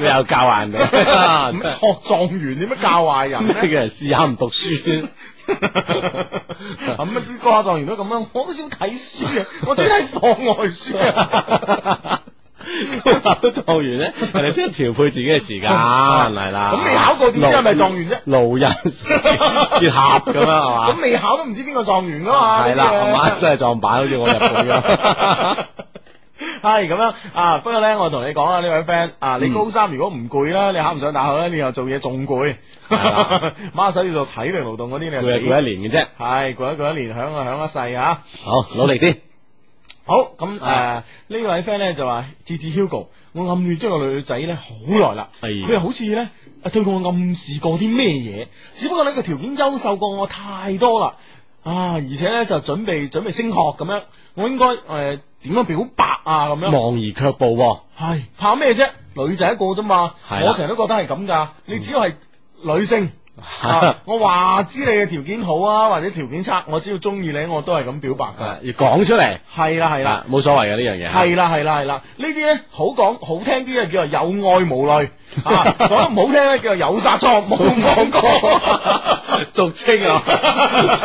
你又教壞人？咁學狀元點樣教壞人？啲人試下唔讀書。咁啲高考狀元都咁樣，我都少睇書嘅，我專係課外書考狀元咧，人哋先調配自己嘅時間，係啦。咁未考過點知係咪狀元啫？路人結合咁樣，係嘛？咁未考都唔知邊個狀元噶嘛？係啦，媽真係撞板，好似我入去咁樣。係咁樣啊！不過咧，我同你講啊，呢位 friend 啊，你高三如果唔攰啦，你考唔上大學咧，你又做嘢仲攰。媽，所以做體力勞動嗰啲，你係攰一年嘅啫。係，攰一過一年，享啊享一世啊！好，努力啲。好咁誒，呃啊、位呢位 friend 咧就話，智智 Hugo，我暗戀咗個女仔咧、哎、呦好耐啦，佢又好似咧對過我暗示過啲咩嘢，只不過咧個條件優秀過我太多啦，啊，而且咧就準備準備升學咁樣，我應該誒點、呃、樣表白啊？咁樣望而卻步、啊，係怕咩啫？女仔一個啫嘛？係的我成日都覺得係咁噶，嗯、你只要係女性。吓！我話知你嘅條件好啊，或者條件差，我只要中意你，我都係咁表白噶。要講、啊、出嚟。係啦係啦，冇、啊啊、所謂嘅呢樣嘢。係啦係啦係啦，呢啲咧好講好聽啲啊，叫做有愛無累。啊，講唔好聽咧叫做有殺錯冇放過， 俗稱啊，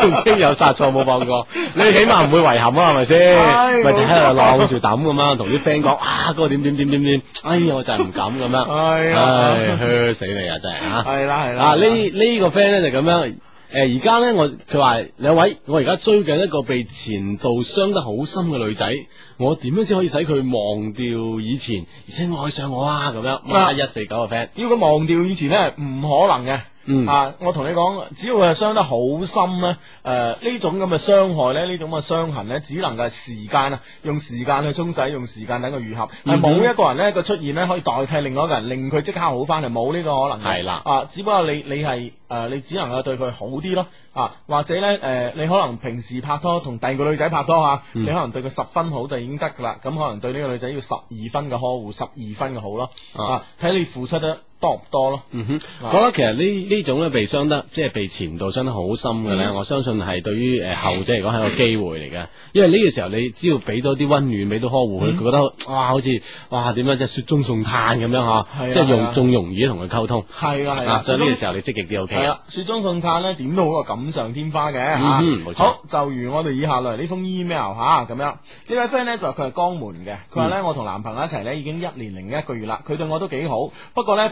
俗稱有殺錯冇放過，你起碼唔會遺憾啊，係咪先？咪即喺度攞住膽咁樣同啲 friend 講啊，個點點點點點，哎呀，我就係唔敢咁樣，係啊、哎呀，嚇死你啊真係吓，係啦係啦，呢呢個 friend 咧就咁樣。誒，而家咧我佢話兩位，我而家追緊一個被前度傷得好深嘅女仔，我點樣先可以使佢忘掉以前，而且愛上我啊？咁樣八一四九個 friend 要忘掉以前咧，唔可能嘅。嗯啊，我同你講，只要係傷得好深咧，誒、呃、呢種咁嘅傷害咧，呢種嘅傷痕咧，只能夠係時間啊，用時間去沖洗，用時間等佢愈合，係冇、嗯、哼一個人咧個出現咧可以代替另外一個人，令佢即刻好翻嘅，冇呢個可能嘅。係啦，啊，只不過你你係誒、呃，你只能夠對佢好啲咯，啊，或者咧誒、呃，你可能平時拍拖同第二個女仔拍拖啊，嗯、你可能對佢十分好就已經得噶啦，咁可能對呢個女仔要十二分嘅呵護，十二分嘅好咯，啊，睇、啊、你付出得多唔多咯？嗯哼，我覺得其實呢呢種咧被傷得，即係被前度傷得好深嘅咧，我相信係對於誒後者嚟講係個機會嚟嘅。因為呢個時候你只要俾多啲温暖，俾到呵護佢，覺得哇，好似哇點樣，即係雪中送炭咁樣嚇，即係用仲容易同佢溝通。係啊係啊，所以呢個時候你積極啲 OK。係啦，雪中送炭咧點都好過錦上添花嘅嚇。嗯，好，就如我哋以下落嚟呢封 email 嚇咁樣，呢位 friend 咧就話佢係江門嘅，佢話咧我同男朋友一齊咧已經一年零一個月啦，佢對我都幾好，不過咧。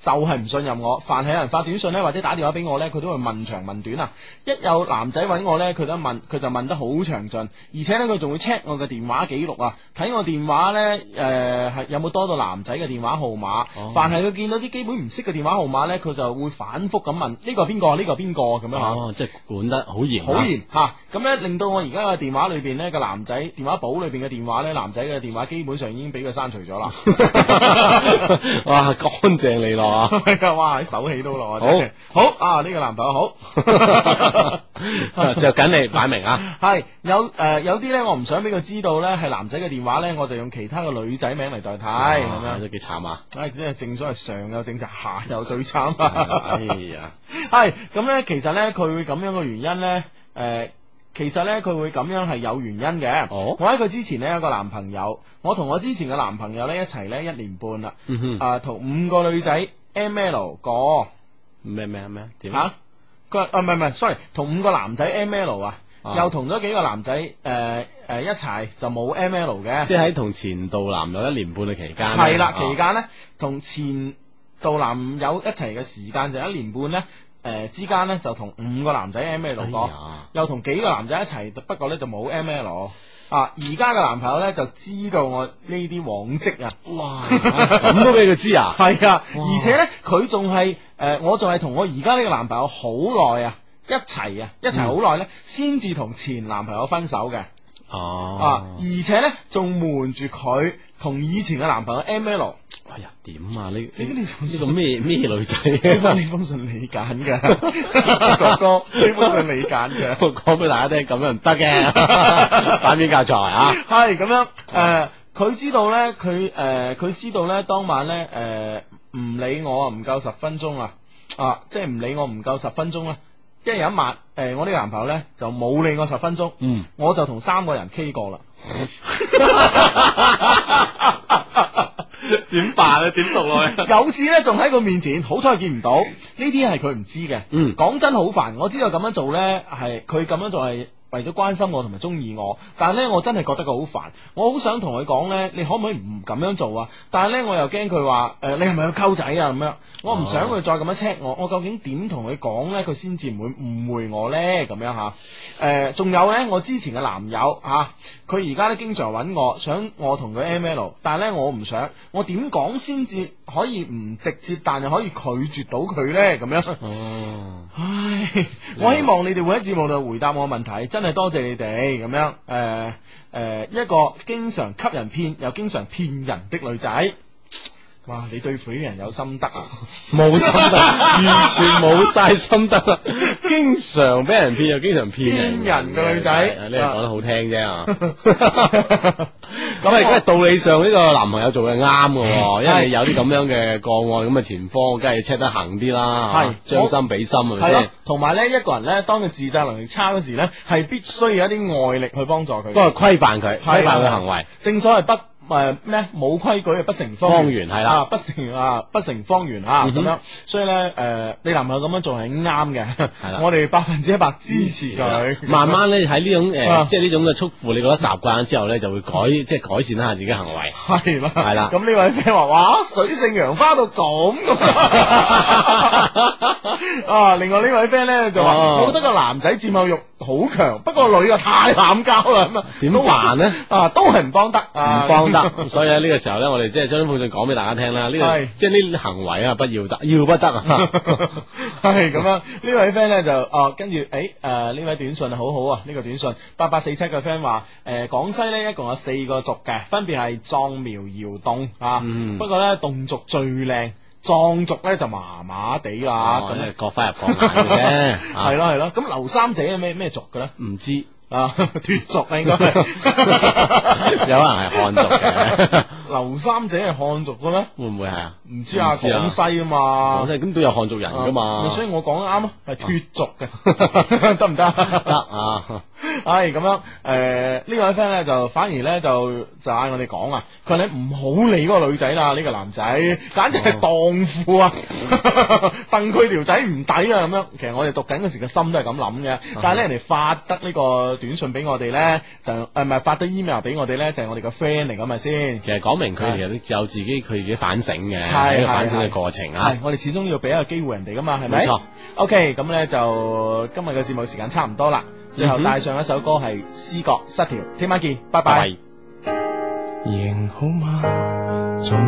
就係唔信任我，凡係有人發短信呢，或者打電話俾我呢，佢都會問長問短啊。一有男仔搵我呢，佢都問，佢就問得好詳盡，而且呢，佢仲會 check 我嘅電話記錄啊，睇我電話呢，誒、呃、係有冇多到男仔嘅電話號碼。哦、凡係佢見到啲基本唔識嘅電話號碼呢，佢就會反覆咁問，呢個係邊個？呢個係邊個？咁樣哦，樣哦即係管得好嚴、啊，好嚴吓。咁呢令到我而家嘅電話裏邊呢個男仔電話簿裏邊嘅電話呢，男仔嘅電話基本上已經俾佢刪除咗啦。 哇，乾淨利落。哇！ 哇！手起都落。好, 好啊！呢、呢個男朋友好，着 緊 你擺明啊，係 有誒、呃、有啲咧，我唔想俾佢知道咧，係男仔嘅電話咧，我就用其他嘅女仔名嚟代替咁樣，都幾慘啊！誒，即係正所謂上有政策，下有對策。哎呀，係咁咧，其實咧佢會咁樣嘅原因咧，誒、呃，其實咧佢會咁樣係有原因嘅。哦、我喺佢之前咧有個男朋友，我同我之前嘅男朋友咧一齊咧一年半啦，嗯、哼啊，同五個女仔、呃。M L 過咩咩咩點啊？佢話啊，唔係唔係，sorry，同五個男仔 M L 啊。啊又同咗幾個男仔誒誒一齊就冇 M L 嘅，即係喺同前度男友一年半嘅期間，係啦， 期間咧同前度男友一齊嘅時間就是、一年半咧誒、呃、之間咧就同五個男仔 M L 過，哎、呀又同幾個男仔一齊，不過咧就冇 M L。啊！而家嘅男朋友呢，就知道我呢啲往昔啊，哇，咁都俾佢知啊，係啊，而且呢，佢仲係誒，我仲係同我而家呢個男朋友好耐啊，一齊啊，一齊好耐呢，先至同前男朋友分手嘅，哦，而且呢，仲瞞住佢。同以前嘅男朋友 ML，哎呀點啊？你、欸、你呢種呢個咩咩女仔？呢封信你揀嘅，哥哥，呢封信你揀嘅，我講俾 大家聽，咁樣唔得嘅， 反面教材啊！係咁 樣，誒、呃，佢知道咧，佢誒，佢、呃、知道咧，當晚咧，誒、呃，唔理我唔夠十分鐘啊，即係唔理我唔夠十分鐘咧。即係有一晚，誒，我呢個男朋友咧就冇理我十分鐘，嗯、我就同三個人 K 過啦，點 辦啊？點做啊？有事咧，仲喺佢面前，好彩佢見唔到，呢啲係佢唔知嘅。嗯，講真好煩，我知道咁樣做咧係佢咁樣做係。為咗關心我同埋中意我，但係咧我真係覺得佢好煩，我好想同佢講咧，你可唔可以唔咁樣做啊？但係咧我又驚佢話，誒、呃，你係咪去溝仔啊？咁樣，我唔想佢再咁樣 check 我，我究竟點同佢講咧？佢先至唔會誤會我咧？咁樣吓，誒、啊，仲有咧，我之前嘅男友吓。啊佢而家咧經常揾我，想我同佢 M L，但係咧我唔想，我點講先至可以唔直接，但係可以拒絕到佢呢？咁樣。哦、唉，美我希望你哋會喺字目度回答我問題，真係多謝你哋咁樣。誒、呃、誒、呃，一個經常給人騙又經常騙人的女仔。哇！你對付啲人有心得啊？冇 心得，完全冇晒心得啦！經常俾人騙又經常騙人嘅女仔，的你個講得好聽啫。咁啊 是，即係、欸、道理上呢、呢個男朋友做嘅啱嘅，因為有啲咁樣嘅個案，咁嘅前科，梗係 check 得行啲啦。係將心比心啊。同埋咧，以一個人咧，當佢自責能力差嗰時咧，係必須有一啲外力去幫助佢，幫佢規範佢，規範佢行為。正所謂不。誒咩？冇規矩嘅不成方圓係啦，不成啊不成方圓啊咁樣，所以咧誒，你男朋友咁樣做係啱嘅，係啦，我哋百分之一百支持佢。慢慢咧喺呢種誒，即係呢種嘅束縛，你覺得習慣之後咧就會改，即係改善一下自己行為。係啦，係啦。咁呢位 friend 話：，哇，水性楊花到咁咁啊！另外呢位 friend 咧就話：，我覺得個男仔佔有慾好強，不過女嘅太濫交啦咁啊。點啊？都難咧，啊都係唔幫得啊，唔幫得。所以咧呢個時候咧，我哋即係將呢封信講俾大家聽啦。呢個即係呢行為啊，不要得，要不得。係咁樣，呢位 friend 咧就哦，跟住誒誒呢位短信好好啊，呢個短信八八四七嘅 friend 話誒廣西咧一共有四個族嘅，分別係壯苗瑤侗啊。嗯，不過咧侗族最靚，壯族咧就麻麻地啦。咁啊，各翻入講嘅。係咯係咯，咁劉三姐係咩咩族嘅咧？唔知。啊，脫族啊，應該有人係漢族嘅。劉三姐係漢族嘅咩？會唔會係啊？唔知啊，廣西嘛？廣西吖咁都有漢族人噶嘛？所以我講啱咯，係脫族嘅，得唔得？得啊！唉，咁樣，誒，呢個 friend 咧就反而咧就就嗌我哋講啊，佢話你唔好理嗰個女仔啦，呢個男仔簡直係蕩婦啊，掟佢條仔唔抵啊！咁樣，其實我哋讀緊嗰時嘅心都係咁諗嘅，但係咧人哋發得呢個。短信俾我哋咧，就誒唔係發咗 email 俾我哋咧，就係、是、我哋個 friend 嚟噶咪先。其實講明佢其實有自己佢是自己反省嘅，一個反省嘅過程啊。係我哋始終要俾一個機會人哋噶嘛，係咪錯？冇錯。OK，咁咧就今日嘅節目時間差唔多啦，最後帶上一首歌係《思覺失調》，聽晚見，拜拜。Bye. 贏好仲